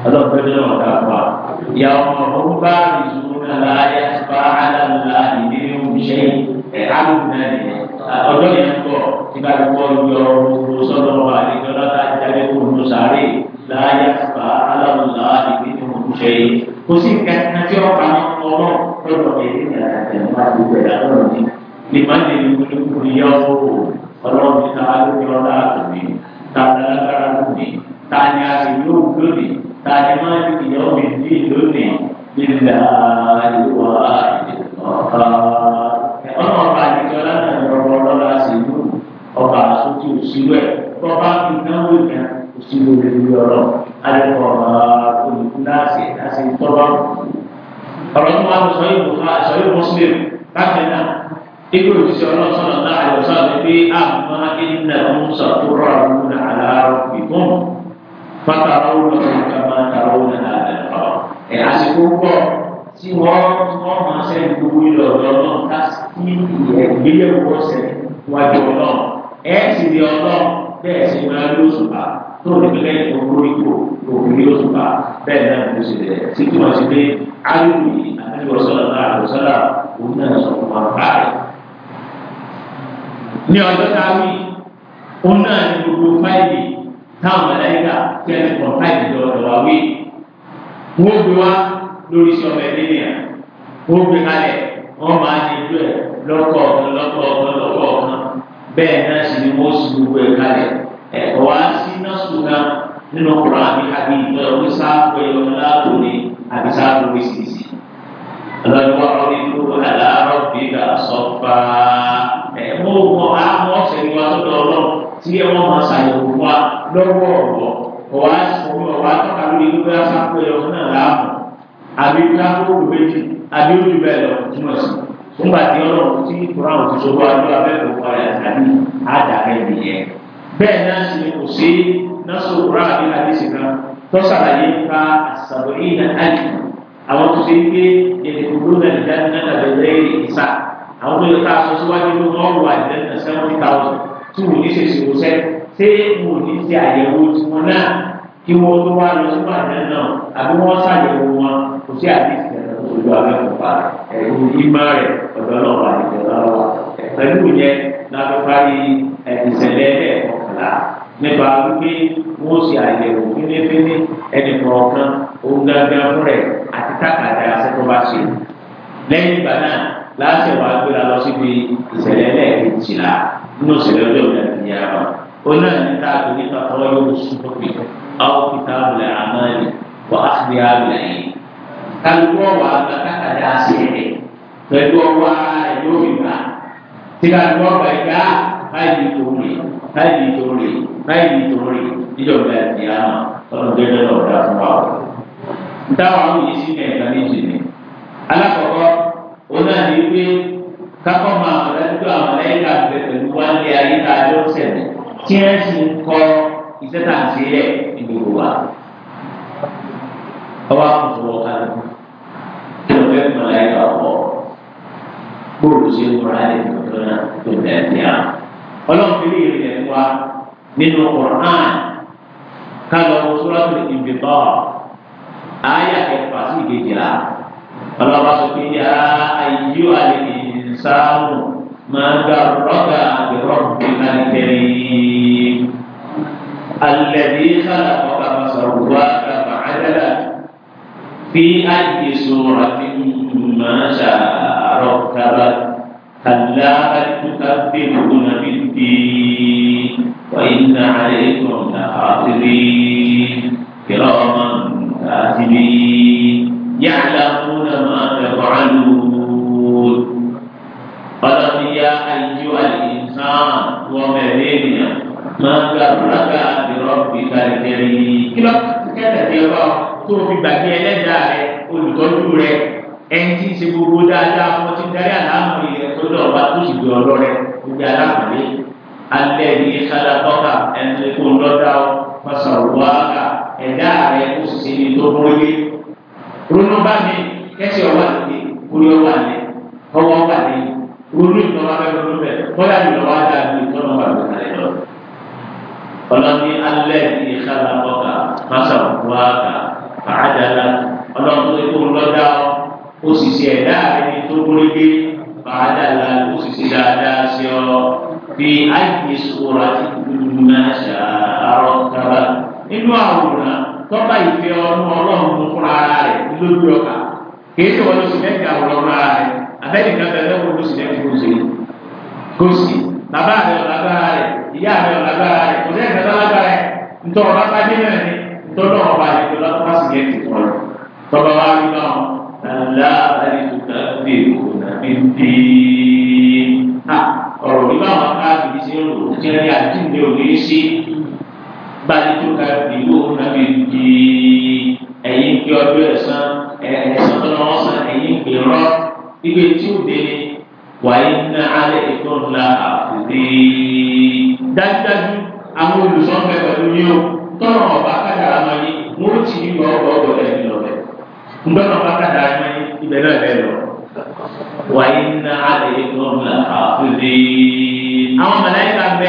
ọlọ́pẹ́ ní ọ̀dà wa ìyá ọmọ ọ̀hún bá ìṣòro náà láyé bá aláàlá ìdí ìṣe ẹ̀ ọjọ́ yẹn ń bọ̀ nígbà tí wọ́n yọ ọ̀rọ̀ sọ́dọ̀ àdìgbọ́lá tá a jáde kó lóṣàárè láyé ṣe kò sí nǹkan tí ọba ọlọ́run lọ́dọ̀ èyí ní àtẹnumọ́ àdúgbò ẹ̀dá lọ́rọ̀ ni nípa ní ìlúkúlùkù yẹ ọ́wọ́ ọlọ́run ní ká lórí ọlá àtòmí ta lágbára lónìí ta ni a lè yóò lónìí ta ni má ní ìyá omi ní lónìí nílà ìwà ọ̀ka ọlọ́run ọba àdìjọ lánàá ọlọ́run ọlọ́run àti ìlú ọba àsókè òsínú ẹ̀ tọ́ba fi náwó ìṣirò lórí ọ̀rọ̀ alẹ́kọ̀ọ́ olùkúláàsì láti tọ́lọ́. ọ̀rọ̀ yìí wàá sọ yìí bùkún àṣọ yìí mùsùlùm bákan náà ikú òṣìṣẹ́ ọlọ́sọ̀nà náà àyọ̀sọ̀ ni pé àmọ́ iná musa tó rọ̀ àwọn aláàrọ̀ ìgbọ́n pátára ó lọ sí kama tára ó nà àdàlọ́. ẹ̀ àsìkò pọ̀ tí wọ́n wọ́n máa sẹ́ni gbogbo ìlọ ọ̀dọ́ náà kí ìgbéyàwó ọ̀sẹ̀ wájú ọlọ́ọ̀ ẹ̀ sì rí ọlọ́ọ̀ bẹ́ẹ̀ sì máa lóṣù tó ní pé lẹ́yìn owó ipò òkú yóò tún bá bẹ́ẹ̀ náà ló sì rẹ̀ sí tí wọ́n ti pé ayélujára yìí àti ọ̀sọ́lá náà ọ̀sọ́lá òun náà sọ fún wa báyìí. ní ọjọ́ táwí òun náà ní gbogbo fáìlì táwọn mẹlẹ́yìnká tí ẹni kọ̀ fáìlì jọ ọ̀dọ̀ wí. wọ́n gbé wa lórí sọ̀rọ̀ ẹ̀dínìyà wọ́n gbé kalẹ̀ wọ́n máa ní ìlú ẹ̀ lọ́kọ̀ọ̀kan lọ́kọ̀ọ̀kan lọ́kọ̀ọ̀kan bẹ́ẹ̀ náà sì ni wọ́n sì gbogbo ẹ̀ kalẹ̀ ẹ̀kọ́ wá sí nọ́ọ̀sù kan nínú kura àbí àbí ìjọba ní sáàpù ẹ̀yọ láàbò ní àbí sáàpù wíṣíṣì. ọlọ́ni wà lórí ikú aláàárọ̀ bí ga sọ́fà ẹ̀ mú wọn á mú ọ̀sẹ̀ ní wa sọ́dọ̀ ọlọ́run tí ẹ wọ́n máa ṣàyẹ̀wò wa lọ́wọ́ ọ̀rọ̀ kọ̀ wá sọ̀rọ̀ wọ́n wá tọ́ka lórí ikú sáàpù ẹ̀yọ náà láàmú àbí káàkó méjì àbí ojú bẹ́ẹ̀ lọ túmọ̀ sí bẹ́ẹ̀ náà sì ni kò sí násòrò ráàbí àdìsí kan tó ṣàlàyé nípa àṣàbọ̀ ìlà àlì àwọn tó ṣe ń gbé ìdìbò nàìjíríà náà tàbí lẹ́yìn ìsà àwọn tó yẹ ká aṣọ síwájú ló wọ́n wà ìdẹ́nà seventy thousand tí wò ní ṣèṣì wò sẹ́ ṣé wò ní ṣe àyẹ̀wò tiwọn náà kí wọ́n tó wá lọ sí màdán náà àbí wọ́n ṣàyẹ̀wò wọn kò sí àdìsí kan tó lọ abẹ́kọ̀ọ́fà ẹ̀rù ìmọ̀ rẹ̀ ọ̀dọ́ náà wà ìjọba wa pẹ̀lú ìyẹn náà tó parí ìṣẹ̀lẹ̀ kẹta nípa wípé wọ́n ṣe àyẹ̀wò fínífíní ẹnì kọ̀ọ̀kan ohun gángan fún rẹ̀ àti tákàdá sẹ́kọ̀ọ́ bá ṣe. lẹ́yìn ìgbà náà láti wàá gbéra lọ síbi ìṣẹ̀lẹ̀ ẹlẹ́ẹ̀kejìlá nínú ìṣẹ̀lẹ̀ ọjọ́ ìdàgbìyà wa. oná ní táàbù nípa ọwọ́ yóò sún lópin àwọn kìtà àbùlẹ̀ àmàlì wà á fi yìí. kálukú ọ̀wà àgbà tákàdá ṣe báyìí torí báyìí torí báyìí torí níjọba ẹ̀sìn àná ọ̀nà gẹ́gẹ́ náà dá fún wa. Táwọn àwọn yìí sí ẹ̀ka méjì ni. Alákọ̀ọ́kọ́, òun náà ní pé kákọ́ máa bẹ̀rẹ̀ tó àwọn ẹ̀ka bẹ̀rẹ̀ pẹ̀lú wá ní ayé tá a jọ sẹ̀lẹ̀ tí ẹ̀ sì ń kọ́ iṣẹ́ tá à ń ṣe lẹ̀ ní gbogbo wa. Ọba kùtù wọ kálukú. Kí ló ń bẹ̀rẹ̀ ní àwọn. Walau diri yang tua Minul Quran Kalau surat ini imbitah Ayat yang pasti gila Kalau masuk dia Ayu alim insan Magar roda Dirobbi nalikiri Alladhi khalaqaka Masarubaka Ma'adala Fi ayi suratin Masa Rokkabat Kalla Al-Mutabbiru nabi مكين وإن عليكم لحافظين كراما كاتبين يعلمون ما تفعلون قلم يا أيها الإنسان ومريم ما غرك بربك الكريم كلا كذا ترى tó fi gbàgbé ẹlẹ́dàá rẹ olùtọ́jú rẹ ẹni tí ń ṣe gbogbo dáadáa fún ọtí darí àlámọ̀ ìrẹ́ tó lọ́ọ́ bá tó sì gbé ọlọ́rẹ́ gbogbo aláàbò alẹ́ni sálábọ́kà ẹni tó ń lọ́dà ó fọsọ̀rọ̀wáàkà ẹ̀dá rẹ̀ ó sì ní tó bóyé. ronú bá mi kẹ́sì ọ̀wá lè kúrí ọ̀wá lè ọwọ́ wà lè ronú ìtọ́wá bẹ́ẹ̀ ronú bẹ́ẹ̀ bóyá ìlọ́wọ́ á dà bí ìtọ́nà wà lè kàlẹ́ lọ. ọlọ́ni alẹ́ni sálábọ́kà fọsọ̀rọ̀wáàkà fàájàlá ọlọ́run tó ń lọ́dà ó sì ṣe ẹ̀dá rẹ̀ ní tó bóyé fàájàlá ó sì ṣe dáadáa sí ọ في أي صورة ما شاء ركبك nínú àwòrán tọ́ba ìfẹ́ ọdún ọlọ́run tó fúnra ara rẹ̀ lójú ọkà kìí ṣe wọn ló sì mẹ́tì àwòrán ara rẹ̀ abẹ́ni kan bẹ̀rẹ̀ lẹ́wọ̀n ló sì mẹ́tì kó ṣe kó sì bàbá rẹ̀ ọ̀làgbára rẹ̀ ìyá rẹ̀ ọ̀làgbára rẹ̀ kò sẹ́yìn kẹta lágbára rẹ̀ ntọ́rọ̀ bá dé náà ni ntọ́rọ̀ ọba rẹ̀ tó lọ́kọ́ tọ́ba ọ̀rọ̀ ní báwọn káàkiri ṣe ń rò ó jẹ́ rí àdínlẹ̀ òní sí gbadidó ka ìlú òun náà bí di ẹ̀yìn pé ọdún ẹ̀sán ẹ̀sán tó náà wọ́n san ẹ̀yìn pé rọ́ ibi tí ó dé ni wàyí ná alẹ́ ètò ńlá àkùdé dájúdájú àwọn olùsọ̀nfẹ́ pẹ̀lú ní o tọ́nà ọba kádàrá máa ní wọ́n ti ní ọgbọ̀ọ́gbọ̀ ẹ̀ nílọ́ọ̀bẹ̀ ńgbọ́nà ọba kádàrá máa ní ibẹ̀ náà bẹ́ẹ̀ lọ. وإن عليكم لحافظين أو ملائكة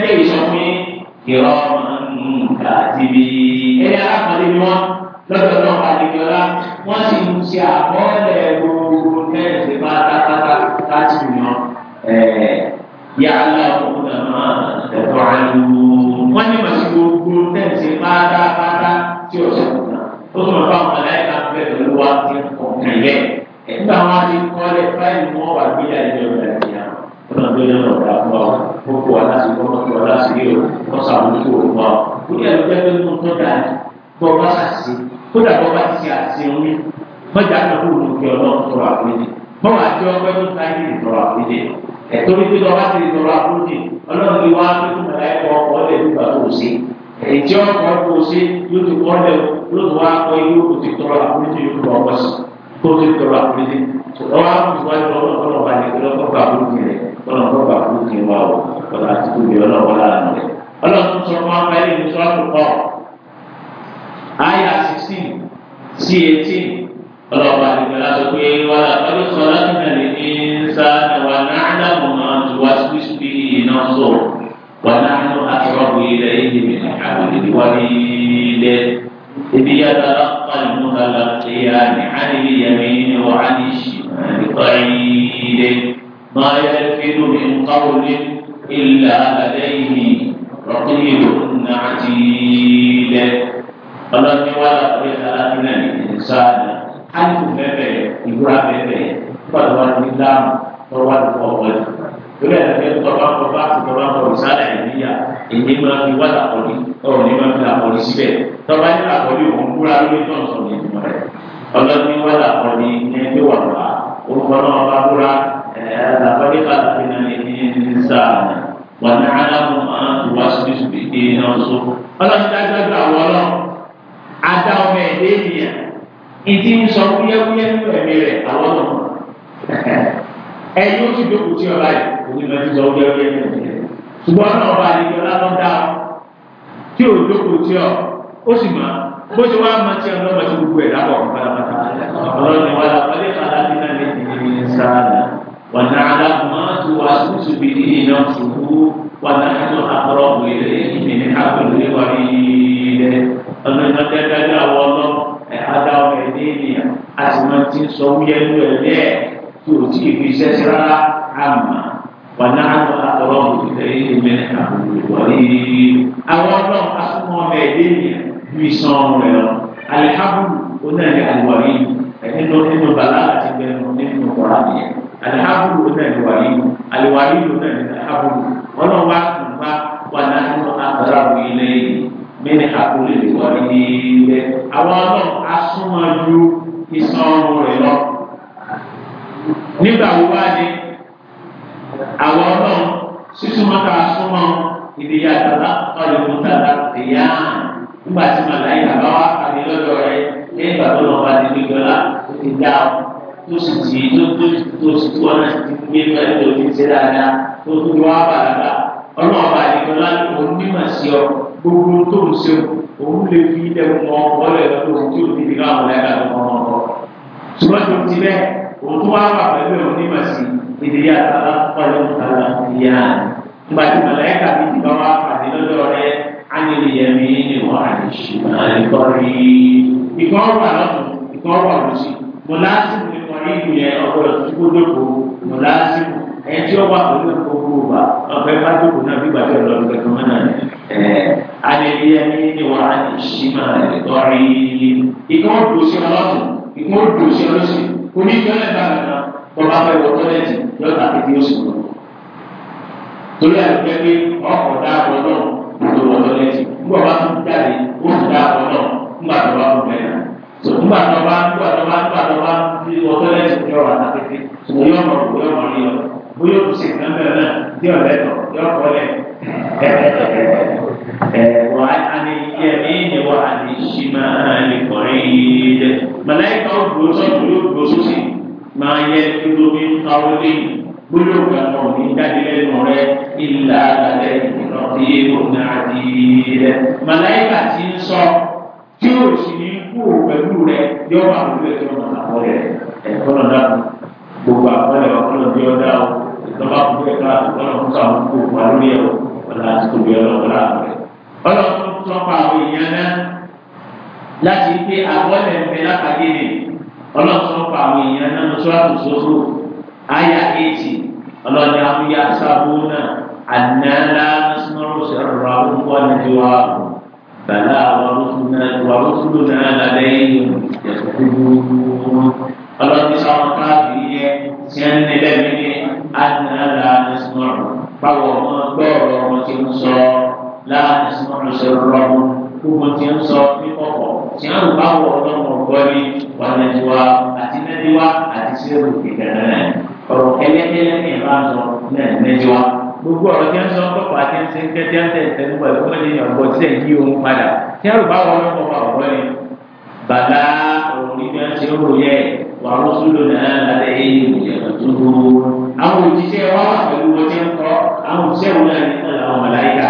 تيجي يسمي كراما كاتبين إلى آخر اليوم lọ́dọ̀ náà àdìgbọ́lá wọ́n sì ń ṣe àkọọ́lẹ̀ gbogbo kẹ́hìndé bá pátápátá láti yan yà á lọ ọkùnrin náà máa tẹ̀tọ́ àlùkò. wọ́n ní màsí gbogbo kẹ́hìndé pátápátá tí ọ̀sẹ̀ kùnà ó tún bá wọn láyé ká bẹ̀rẹ̀ lọ́wọ́ àti ọ̀kàn yẹn nígbà wọn ti kọ́ lẹ fáìlì wọn wà gbé yà ẹgbẹ́ ọ̀dà ìyá wọn gbé yà ọ̀dà ọ̀gbà wọn kó aláṣẹ wọn kó aláṣẹ yìí wọn sàmójú òkú wọn kó yà ló jẹ́ pé mo tó dà ní bọ́ bá sàṣe kódà bọ́ bá ti ṣe àṣe wí mọ́jà náà kó ló kí ọlọ́run tó wà pé ní bọ́wọ́ àti ọgbẹ́ tó ta yìí tó wà pé ní ẹ̀tọ́ ní pé lọ́wọ́ àti ìtọ́wà pé ní ọlọ́run ni wọ́n á tó kún ẹ̀kọ́ ọ̀pọ̀ lè nígbà tó ṣe èjì ọ̀pọ̀ kó ṣe yóò ti kọ́ lẹ̀ yóò ti wá kọ́ yóò ti tọrọ àpótí yóò ti wọ́ ọ̀pọ̀ sí i tó ti tọrọ àforíjì ọwọ́ àfọwọ́sí ọlọ́run bá ní ìlú ọkọ̀ àforíjì rẹ̀ ọlọ́run kọ́ àforíjì wa o ọ̀nà àti tóbi ọlọ́run wọlé àná rẹ̀ ọlọ́run sọ fún abẹ́lé ní sọ́ọ̀tù kọ́ àyà sixteen sí eighteen ọlọ́run bá ní pé wà lọ́dún sọ láti mẹ́rin ní sáà wà náà mọ̀ wá síbi iná sọ̀rọ̀ náà akọ̀rọ̀ ilẹ̀ ní àbòlé wà ní ilẹ̀ ibi yàtọ̀ الأيام عن اليمين وعن الشمال قعيد ما يلفظ من قول إلا لديه رقيب عتيد ọlọ́ni wà láti aláàbínà ìsáàdì àìkú bẹ́ẹ̀ ìbúra bẹ́ẹ̀ pàtó wà ní dáàmú tó wà ní ọ̀pọ̀ ẹ̀ lórí ẹ̀rẹ́ tọ́ba tọ́ba tọ́ba tọ́ba ìsáàdì àìníyà èyí máa fi wà lápọ̀lì ọ̀rọ̀ ní máa fi lápọ̀lì síbẹ̀ tọ́ba ní lápọ̀lì òun búra lórí tọ́sọ̀ ní ìdúmọ̀ rẹ̀ ọlọ́ni wọ́n là kọ́ ni ní ẹbí wà wá orúkọ náà bá búra làkọ́dé kàlùkù náà ní ní sáà wà ní aláwọ̀ máa tó wá síbi síbi kí ní ọ̀ṣọ́. ọlọ́ni dájọ́ gbà wọ́n lọ adá ọmọ ẹ̀dẹ́ ènìyàn ìdí ń sọ wúyẹ́wúyẹ́ nínú ẹ̀mí rẹ̀ àwọn ọmọ ẹni ó ti dókòó tí ọba yìí òní lọ ti sọ wúyẹ́wúyẹ́ nínú ẹ̀mí rẹ̀ ṣùgbọ́n náà ọba àdìgbọ́lá lọ́ tí ò dókòó tí ọ ó sì máa bó ṣe wá máa ti ọlọ́mọ tí gbogbo ẹ̀dá bọ̀ pátápátá ọlọ́run wa lọ́lẹ́ aláàbí náà lè dìde ní sáàlà wà ní aláàbùmá tó wà kúṣù bí ní iná ṣubú wà ní àjọ àkọ́rọ̀ òwúrẹ́ ìmì ní àpèlè wà ní ilẹ̀ ọlọ́run náà dáadáa wọ ọlọ́ ẹ̀hádá ọmọ ẹ̀dá ènìyàn a sì máa ti sọ wúyẹ́lú ẹ̀lẹ́ àwọn ọlọ́run asúnmọ́ ọmọ ẹ̀dẹ́ nìyẹn bí sàn rẹ̀ lọ alihamudu onáyẹ aliwari ẹnìdó nínú bala àti bẹnu nínú kọlá nìyẹn alihamudu onáyẹ aliwari aliwari onáyẹ alihamudu ọlọ́wà tùbà wà nínú agbára ilé mẹni àkúlè aliwari ilé àwọn ọlọ́wà asúnmọ́jú ìsàn rẹ̀ lọ nígbà wo wá ní àwọn ọlọ́wà sísúnmọ́ta asúnmọ́ ìdíyàtọ̀ nígbà tí màláyé bàbá wa pàdé lọ́dọ̀ rẹ lẹ́yìn bàbá wọn bá ti gbégbé ọlá ó ti dá ọ tó sì tì í tó tó tó sì tó ọ̀nà ti gbé pẹ̀lú òbí ṣe dáadáa tó tó wá bàlágà ọlọ́run bá ti gbégbé ọlá òun mímọ̀ sí ọ gbogbo tó ń ṣe òun lè fi ilẹ̀ mọ ọlọ́ọ̀ lọ́dọ̀ ìdílé àtàlà pàdé òun tààlà ìyá nígbà tí màláyé kàbí ti bá lọ́dọ̀ rẹ عن اليمين وعن الشمال قريب يقرب على يقرب على الشيء ملازم لقريب يا أبو تقولك ملازم ẹtí ọba pẹ̀lú gbogbo ọba ọbẹ bá dùkú náà bí gbàgbé ọlọ́run kankan mọ náà ẹ alẹlẹyà ní ìwà ìṣímà ìtọrí ìkọ òdò sí ọlọ́run ìkọ òdò sí ọlọsí oníjọlẹ bá nà bọba fẹ́ wọ tọlẹtì lọta kékeré oṣù tó lóyè àti pẹpẹ ọkọ dáàbọ náà tó wọjọ létí nígbà wà tó jáde ó sì dá àwọn náà nígbà tó wà kó bẹ̀rẹ̀ náà so nígbà tó wà nígbà tó wà nígbà tó wà fi wọjọ létí ní ọ̀rọ̀ àtàkété bóyá ọmọ bóyá ọmọ rí ọ bóyá o sì kàn bẹ́ẹ̀ náà tí ọ̀rẹ́ tọ̀ yọ ọkọ lẹ̀ wà á ní yẹmí ni wà á ní ṣìmá yẹ kí lómi ń kàwé lẹ́yìn gbólóògbà náà ní jáde lẹ́nu rẹ ìlà àgbàlẹ̀ ìrọ̀lẹ́ ìrọ̀lẹ́ àti rẹ. màláìkà ti ń sọ tí o sì ní kú pẹ̀lú rẹ yọ wà lórí ẹjọ́ náà àwọn rẹ ẹ̀kọ́ náà dà gbogbo àkọọ́lẹ̀ ọ̀kọ́lọ̀ bí ọ̀dà o ìjọba kò fẹ́ ká ọ̀kọ́lọ̀ ń sọ àwọn gbogbo wa lórí ẹ̀ ọ̀là àtòbí ọlọ́ọ̀lá rẹ. ọlọ́run tó pa àwọn èèyàn náà láti pé àkọọ́lẹ̀ ń bẹ lápàdé àyà kejì ọlọ́ni abúlé asábúnà ànálá sọ́rọ́ sọ̀rọ̀ àwùjọ níbi wa bàlá wàlúùsùlù náà lábẹ́ yìí yẹ̀sùkúrú ọlọ́ni sọ̀rọ̀ káàbì yẹ sẹ́ni lẹ́mìí ànálá sọ̀rọ̀ báwo ọmọ gbọ́ọ̀rọ̀ wọn ti ń sọ láàrin sọ̀rọ̀ sọ̀rọ̀ gbogbo ti ń sọ ní kọ̀kọ̀ tí wọ́n bá wọ̀ ọlọ́mọ gbọ́ ní wàlẹ́dùwà àti mẹ́díwà àti sẹ́rù ìgbàlẹ́ náà bá sọ náà mẹ́jọ wa gbogbo ọ̀rọ̀ tí wọ́n sọ pọ̀pọ̀ àti ẹ̀sìn ń kẹ́tẹ́ ń tẹ̀sẹ̀ nígbà tó wọ́n lè yàn bọ̀ tí ẹ̀ yí ohun padà tí ẹ̀rù bá wọn lọ́wọ́ bá ọ̀rọ̀ ni bàbá òní bí wọ́n ṣe ń ròyẹ wà ó súlò náà lálẹ́ èyí ìyàtọ̀ tó gbó àwọn òjíṣẹ́ wa wà pẹ̀lú wọn tí ń kọ́ àwọn òṣìṣẹ́ wọn náà nípa làwọn mọ̀láyà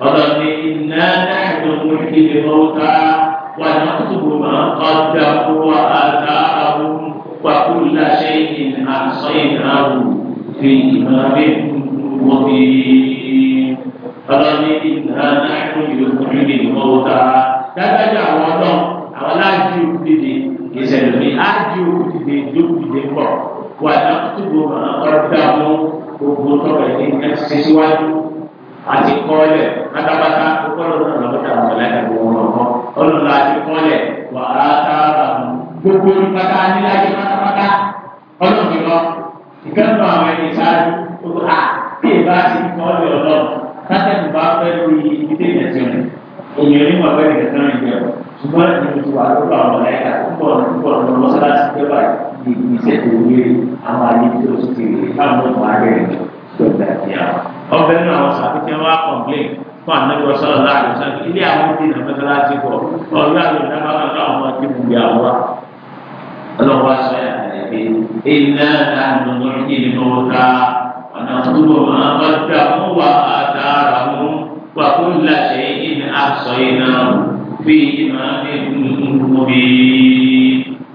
ọlọ́run ونكتب ما قدموا وآثارهم وكل شيء أحصيناه في إمام مبين فلن إنا نحن يحيي الموتى dájájá àwọn ọlọ́run àwọn aláàjì òkúdìdì ìṣẹ̀lẹ̀ mi ájì òkúdìdì ìjókòdìdì pọ̀ wà lákòókò ọ̀dà mú gbogbo tọ̀rọ̀ ẹ̀dín ẹ̀sìn síwájú àti kọ́ọ̀lẹ̀ pátápátá kọ́ọ̀lù náà lọ́dà àwọn ọ̀làdàgbò ọ̀rọ̀ ọ̀rọ̀ ọlọ́run láti kọ́lẹ̀ wà á sára gbogbo pátá níláyé pátápátá ọlọ́run mi lọ ìkẹ́nu àwọn ẹni ìṣáájú ó tó a tí ì bá ti kọ́ ọ́ lé ọlọ́run tátẹ́nu bá fẹ́ lórí ibi tí ìrìn àti ọ̀rìn èyí ẹni mọ̀ fẹ́ nìkan náà ìjẹ́ ọ̀ ṣùgbọ́n ìlú ti wà lórí àwọn ọ̀láyà púpọ̀ púpọ̀ lọ́wọ́ mọ́sálásí pẹ́pà ìgbésẹ̀ tó fún anabi wasala láàrin sàn ilé àwọn tí nà mẹsàlásì kọ ọlọ́wọ́ àti ìdáná náà láwọn máa ti gbogbo àwọn wa ọlọ́wọ́ aṣọ yà ẹ̀ẹ́dẹ́ iná àná lórí ìlú ọ̀tá ọ̀nà àbúrò máa bá dà fún wa àtàrà mú wà fún làṣẹ ìní àṣọ iná fi ìmọ̀ ẹ̀dùnmọ̀bí.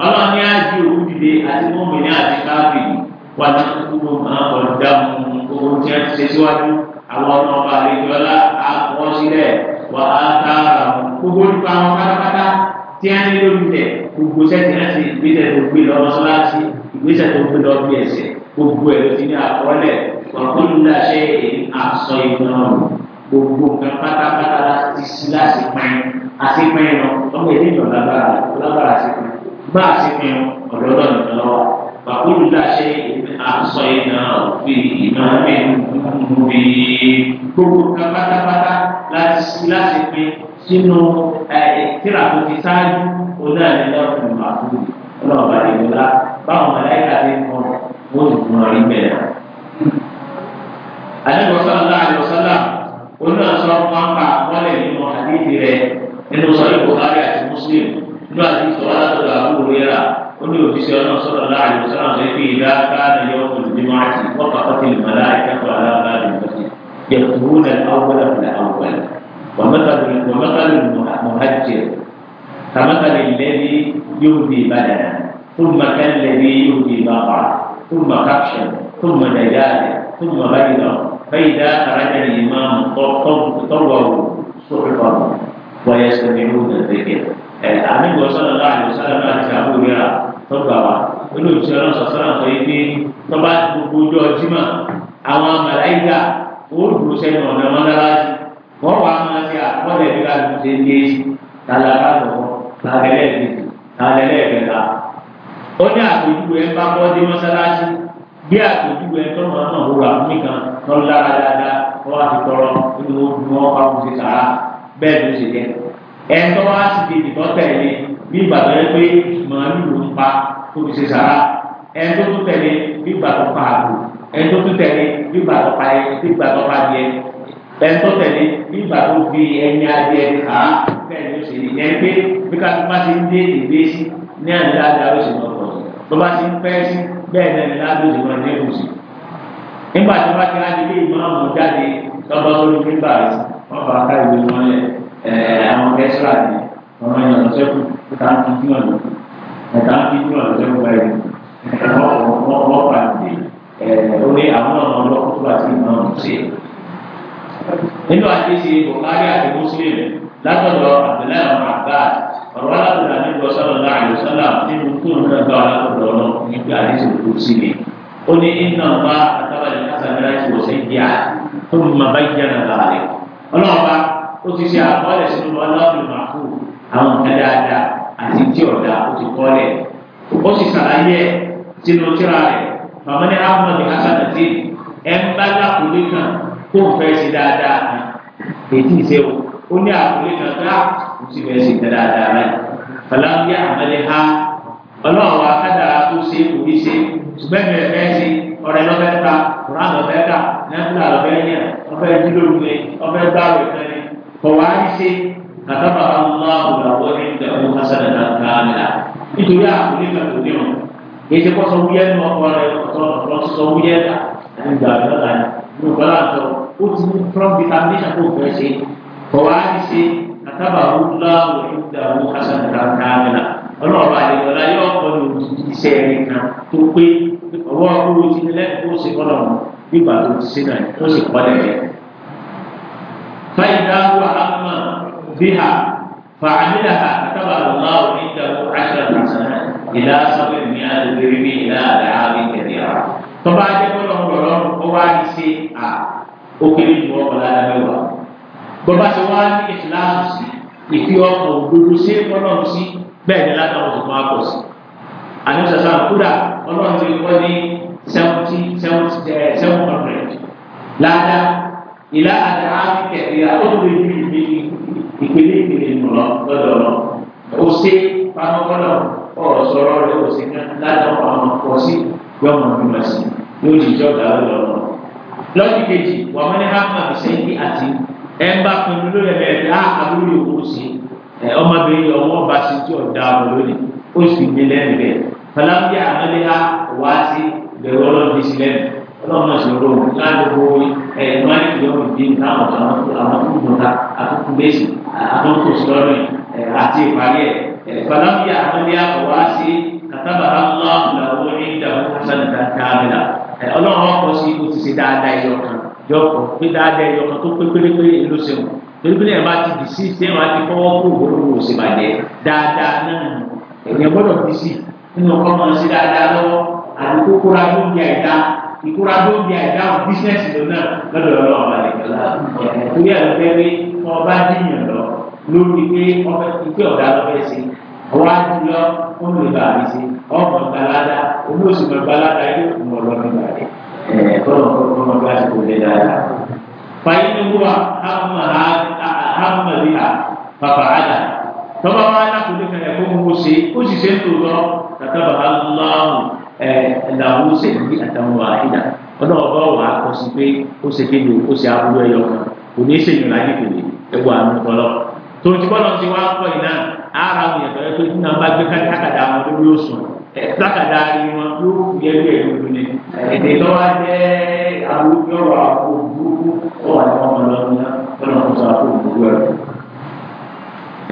ọlọ́ni àjò òkúdìdé àti mọ́mìnì àti káfíìn wà ní àbúrò máa bọ̀ dà mú owó tí a ti ṣe síwájú àwọn ọmọ ọba àdéjọlá àwọn sílẹ̀ wà á ta gbogbo nípa àwọn pátápátá tí a ní lórí tẹ̀ gbogbo sẹ́tì láti ìgbésẹ̀ tó gbé lọ mọ́sálásí ìgbésẹ̀ tó gbé lọ bí ẹsẹ̀ gbogbo ẹ̀ ló ti ní àkọọ́lẹ̀ ọ̀kọ́lùlá ṣe àṣọ ìgbọ̀n gbogbo nǹkan pátápátá láti sí láti pín àti pín lọ ọmọ ìdíjọ lágbára lágbára àti pín bá àti pín ọ̀dọ́dọ̀ nìkan lọ́wọ́. فكل شيء أحصيناه في إمام مبين gbogbo kan pátápátá láti sí láti pin sínú tíra tó ti sáájú onáàlú lọ́dún ìlú àbúrò ọlọ́ọ̀bá ìlúlá báwọn mọ̀láìkà ti ń kọ́ wọ́n ti fún ọ̀rí bẹ̀rẹ̀. àdébọ̀sán ńlá àdébọ̀sánlá oní àṣọ pápá wọlé nínú àdéhìí rẹ nínú sọ́yìn Buhari àti Muslim nínú àdéhìí sọ́wọ́n قل يوتيسي أنا صلى الله عليه وسلم إذا كان يوم الجمعة وقفت الملائكة على باب المسجد يقتلون الأول فالأول ومثل ومثل المهجر كمثل الذي يهدي بدنا ثم كالذي يهدي بقعة ثم كبشا ثم دجاجة ثم بيضا فإذا خرج الإمام طوّروا صحفا ويستمعون الذكر النبي صلى الله عليه وسلم أتى أبو هريرة tọ́gbà wa olóòtú ọlọ́run sọ̀sọ́rọ̀ sọ yìí pé tọ́ba gbogbo ojú ọtí mà àwọn màláìka ó dùn sẹ́nu ọ̀nà mọ́tàláṣí wọ́n wà á máa ṣe àkọọ́lẹ̀ bí ká ló ṣe ń gé tàlà bá lọ́wọ́ tàlẹ́lẹ́ ìdìbò tàlẹ́lẹ́ ìbẹ̀ta. ó ní àpèjúwe ẹ bá bọ́ dé mọ́sálásí gbé àpèjúwe ẹ tọ́nà náà wò wà fún ìkan tó dáadáa wọ́n wá fi tọrọ nínú ojú wọn pa òun bẹ́ẹ̀ ló ṣe jẹ́ ẹ̀ tọ́ wá sí ibi tó tẹ̀lé bí bàbá yẹn pé màálù ló ń pa tó fi ṣe sàrà ẹni tó tún tẹ̀lé bí bàbá pa àgbò ẹni tó tún tẹ̀lé bí bàbá pa ẹ bí bàbá pa adìẹ ẹni tó tẹ̀lé bí bàbá fi ẹni adìẹ kà á bẹ́ẹ̀ ló ṣe ní ẹni pé bí káfí má ti ń dé ìgbé sí ní àná dáadáa ló ṣe lọ pọ̀ tó bá ti ń pẹ́ sí bẹ́ẹ̀ ní láàbù ìṣèlú ọ̀nà ẹ̀kọ́ sí nígbà tí wọ́n ti láti lé ìmáàmù ọmọ yẹn lọ sẹ́kù ẹ̀ka ń fi júwà lọ ẹ̀ka ń fi júwà lọ sẹ́kù báyìí ọlọ́pàá ti ẹ̀ ó ní àwọn ọ̀nà ọlọ́pàá tó wà sí ìmọ̀ ọ̀hún sí. nínú àdéhìí bùkárí àti muslim látọ̀dọ̀ àbẹ̀lẹ̀ ọ̀nà àgbà ọ̀rọ̀ alábùdá nígbà sọ̀rọ̀ láàyè sọ́lá nínú tó ń dàgbà alábùdá ọ̀nà nígbà àdéhìí kò sí ni. ó ní iná ọba àtàwálẹ̀ kásánilá ti wọ̀ sẹ́yìn tó ń mọ báyìí jẹ́ nàlá rẹ̀ ọlọ́ọ̀ba ó ti ṣe àkọọ́lẹ̀ sínú ọlọ́ọ̀bì màkúù àwọn nǹkan dáadáa àti tí ọ̀dà ó ti kọ́ lẹ̀ ó sì ṣàlàyé ẹ̀ sínú tíra rẹ̀ màmá ní ahmed hasan àti ẹ̀ ń bá lákòólé kan kó o fẹ́ ṣe dáadáa kan èyí ṣe o ó ní àkòólé kan ká o sì fẹ́ ṣe dáadáa rẹ̀ fàlàǹgì àmàlẹ́ ha ọlọ́run akádàá tó ṣe kò ní ṣe ṣùgbọ́n ẹ̀ fẹ́ ṣe ọ̀rẹ́ lọ́fẹ́ ta ọ̀ràn lọ́fẹ́ ta nẹ́fúlà lọ́fẹ́ yẹn ọ̀fẹ́ dúró ọ̀fẹ́ gbáwé kan ni kọ̀wá ní ṣe kàtàbà aláwọ̀ làwọ̀ ní ìdààmú kásánà náà káàmìlà nítorí àkùnrin kan tó ní wọn èyí ti kọ́ sọ wúyẹ́ ní ọkọ rẹ ọ̀tọ̀ sọ wúyẹ́ ta àti ìgbà àgbàlá ní ìgbàlá àtọ̀ ó ti mú from determination tó fẹ́ ṣe kọ̀wá ti ṣe kàtàbà aláwọ̀ ní ìdààmú kásánà náà káàmìlà ọlọ́ọ̀bà àdìgbọ́lá yóò kọ́ ní iṣẹ́ rẹ̀ kan tó pé ọwọ́ akóró ti ní lẹ́nu kó ṣe kọ́nà wọn nígbà بها فعملها كتب الله عنده عشر حسنات إلى سبع مئة درهم إلى ألعاب كثيرة طبعا يقول لهم ولهم هو عن سيء أكل جوا ولا نبوا بابا سواني إخلاص ìfi ọkàn òdodo sí ọlọ́run sí bẹ́ẹ̀ ni látàwọn tó máa pọ̀ sí. àní sàṣà kúrà ọlọ́run ti kọ́ ní seventy seventy seven hundred láàdá ìlà àdá áfíríkà ìlà ó lè ju ìbí ìpele ìpele nù lọ lọ́dọ̀ lọ ó ṣe pamọ́kọ́lọ́ ọ̀rọ̀ sọ̀rọ̀ rẹ̀ ó ṣe ládàá ọmọ pọ̀ sí gbọ́mọ nígbà sí yóò di ìjọba lọ́dọ̀ lọ. lọ́dún kejì wà wọ́n ní hàmà sẹ́yìn àti ẹ̀ ń bá pinnu lórí ẹ̀ dá àbúrò òkú sí ọmọbìnrin ọmọ ọba sí tí ò dá ọmọ lónìí ó sì gbé lẹ́nu rẹ̀ fọláńbíà àmọ́lẹ́hà wá sí bẹ̀rù ọlọ́run ọlọ́run ṣe ro ládùúgbò ẹ̀ máìlì yọ̀rù dín táwọn àwọn tó gbọ̀ta àtúntò bẹ́sì àtúntò sọ́rọ̀ ẹ̀ àti ìparí ẹ̀ fanáfíà àtúndíà ọ̀wá sí kàtàbà àmúlá ọ̀làwọ̀ ní ìdàgbò hasan dáadáa ẹ̀ ọlọ́run ọkọ̀ sí o ti ṣe dáadáa ẹ̀yọ kan yọkọ̀ pé dáadáa ẹ̀yọ kan tó pé pérépéré ìlú sẹ́wọ̀n pérépéré ẹ̀ bá ti dì sí ṣé wàá ti fọwọ́ kó òwúrò wò sí bàjẹ́ dáadáa náà ẹ̀yẹ gbọ́dọ̀ dì sí nínú ọkọ̀ mọ̀ sí dáadáa lọ́wọ́ àdúgbò kóra ló ń yà ẹ̀dá ìkúra tó ń di àìdáhùn bísíǹsì lọ náà lọ́dọ̀ ọlọ́run ọba nìkanlá torí ẹ̀ lọ́fẹ́ pé ọba díyàn lọ lórí pé ọba ìpè ọ̀dà lọ́fẹ́ sí ọwọ́ àdúyọ fún mi bá mi sí ọmọ gbalada omi oṣù mọ gbalada yóò mọ ọlọ́run bá rẹ kọ́nà kọ́nà bá ti kò lè dára. fàyínú wa hàmàlì hà bàbá àdà tọ́ba wa alákòókè kan ẹ̀kọ́ mú ó ṣe ó sì ṣe ń tòótọ́ kàtàbà aláwọ̀ ẹ̀ẹ́dàwó ṣe ní àtàwọn àìdá ọ̀nà ọ̀gá ọ̀wà kò sí pé ó ṣe kéde ó ṣe aburú ẹyọ kan kò ní ṣe ìrìn àjò kèrè ẹwà àmúkọlọ tó ti bọ́lá ti wá pọ̀ iná ara àwọn èèyàn tọ́jú pé nínú àwọn agbé kákàdá wọn lórí òsùn kákàdá rí wọn yóò fi ẹgbẹ́ ìlú ni èdè lọ́wọ́ jẹ́ àwùjọ àpò burúkú ó wà ní ọmọ lọ́wọ́ náà tọ́lọ́ tó sọ àpò burúkú ẹ̀.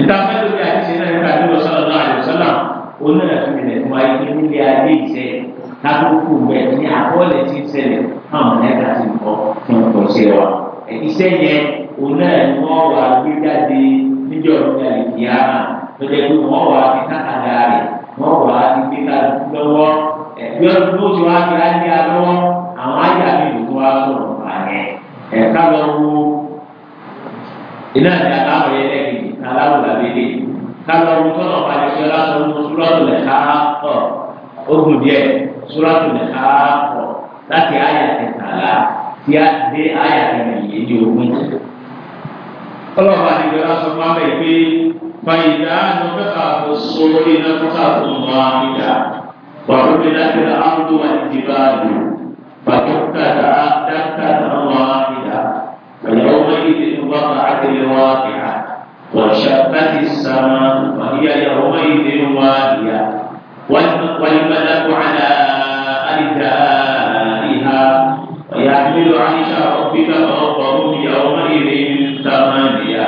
ìtàkùn ẹ̀ lórí àti ṣe náà nípa ìlú ọ̀sán onírànlẹ́sìnlẹ̀ fún wa yìí nílé ayé ìṣẹ́ kákókò rẹ̀ ní àkọọ́lẹ̀ tí ń ṣẹlẹ̀ káwọn mẹ́ta ti kọ́ tí wọ́n kọ́ ṣe wa. iṣẹ́ yẹn onírànlẹ́sìn wọ́n wà gbé jáde níjọ́ ìgbà ìkíyàmà lọ́jọ́ pé wọ́n wà fi kákàdá rẹ̀ wọ́n wà fi gbé ká lọ́wọ́ ẹ̀gbẹ́ ló ti wá fi láyé lọ́wọ́ àwọn ayà mi ló tó wá sọ̀rọ̀ àyẹ̀ ẹ̀ká lọ wo iná ìjà táwọn yẹn lẹ́yìn aláwọ̀ làbẹ́lẹ́ yìí kálọ̀ ohun tó náà balẹ̀ sí ọlá sọ ohun súrọ́tù lẹ̀ ká pọ̀ ogun díẹ̀ súrọ́tù lẹ̀ ká pọ̀ láti àyà kẹtàlá tí a dé àyà kẹrìnlẹ̀ ní ogún. ọlọ́run bá nígbà ọlá sọ fún abẹ́ pé fàyídà nọ́fẹ̀kà kò sórí nọ́fẹ̀kà tó ń wá nígbà wàhùnmí láti rà áńdó wà ní ti bá a lò fàtúkàtà dákàtà wà nígbà fàyàwó mẹ́yìí ti ń wá kàá وانشقت السماء وهي يومئذ واهية والملك على أدائها ويحمل عرش ربك فوقهم يومئذ ثمانية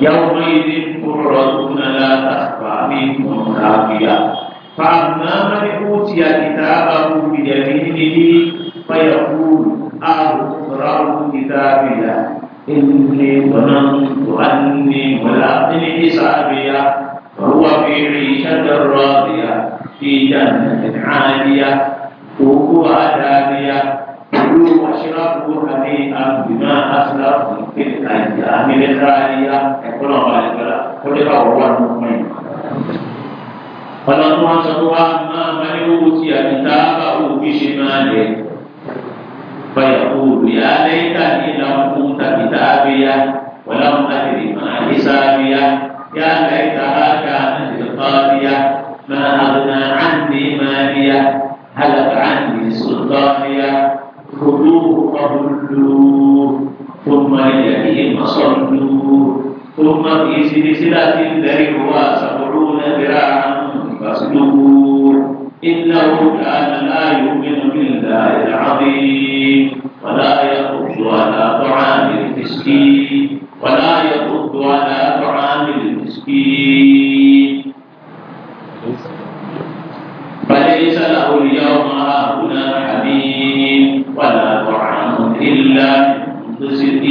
يومئذ تعرضون لا تخفى منكم خافية فأما من أوتي كتابه بيمينه فيقول أقرأ كتابيه إني ظننت أني ملاق حسابيا فهو في عيشة راضية في جنة عالية قوتها دانية كلوا واشربوا هنيئا بما أسلفتم في الأيام الخالية يقول الله عليه وسلم قل هو المؤمن فلما سقوا أما من أوتي كتابه بشماله فيقول يا ليتني لم كنت كتابيه ولم أدر ما حسابيه يا ليتها كانت القاضية ما أغنى عني مالية هلك عني سلطانية خذوه فغلوه ثم إليهم صلوه ثم في سلسلة ذرعها سبعون ذراعا فاسلوه إنه كان لا يؤمن بالله العظيم ولا يرد على طعام المسكين ولا يرد على طعام المسكين فليس له اليوم هاهنا حميم ولا طعام إلا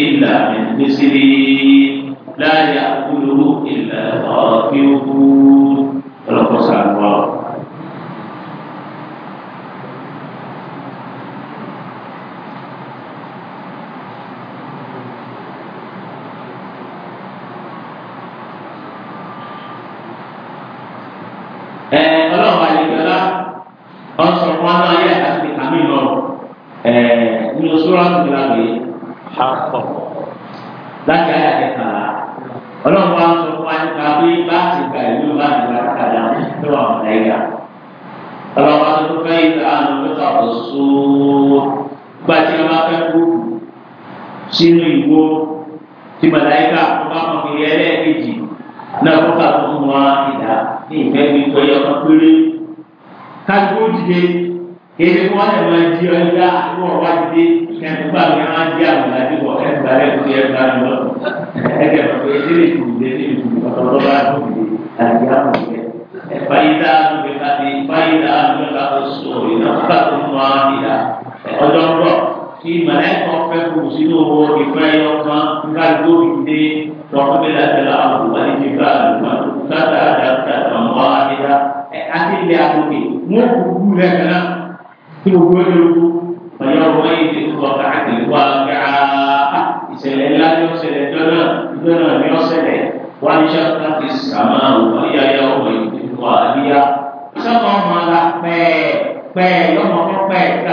إلا من غسلين لا يأكله إلا خاطئون فلقد الله wọn náà yẹ àti àmì lọ ẹ ní oṣooṣù àti ìlànà yìí àpọ̀ láti ayé àkẹta ọlọ́run wa sọ fún wa nípa pé láti gba ìlú láti gba kàdà tó wà wọn náírà ọlọ́run wa sọ fún fẹ́ yìí àná mẹ́ta ọ̀ṣọ́ gbàtí wọn bá fẹ́ kú sínú ìwó tí màláyíkà. kéde kó wọn tẹ̀wé di ọjà wọn wá dé kẹtùgbà mi wọn di àwọn àti wọn kẹtùgbà rẹ kó yẹ gba lọ ẹgbẹ pàtó yẹ délé kù dé délé kù ọtọlọ bá tó dé àti àwọn ọmọdé ẹfà yìí dá àwọn ọmọdé ká dé ẹfà yìí dá àwọn ọmọdé ká tó sọ ìná ká tó mọ àwọn ìlà ọjọ́ ńlọ kí mọlẹkọ fẹ kó sínú owó ìfẹ́ yọ kan nígbà tó fi dé tọkọtẹ láti kí ló gbé lóko pẹ̀lú ọ̀rọ̀ yìí ti kú ọ̀gá àtẹ̀wá gàá ìṣẹ̀lẹ̀ ńlá ni ó ṣẹlẹ̀ dọ́nà dọ́nà ni ó ṣẹlẹ̀ wọ́n ní sọ́kà ti sàmà ọ̀gá yáyá ọ̀gá yìí ti kú àdíyá. sọ́kà ọmọ la pẹ́ẹ́ pẹ́ẹ́ yọmọ fún pẹ́ẹ́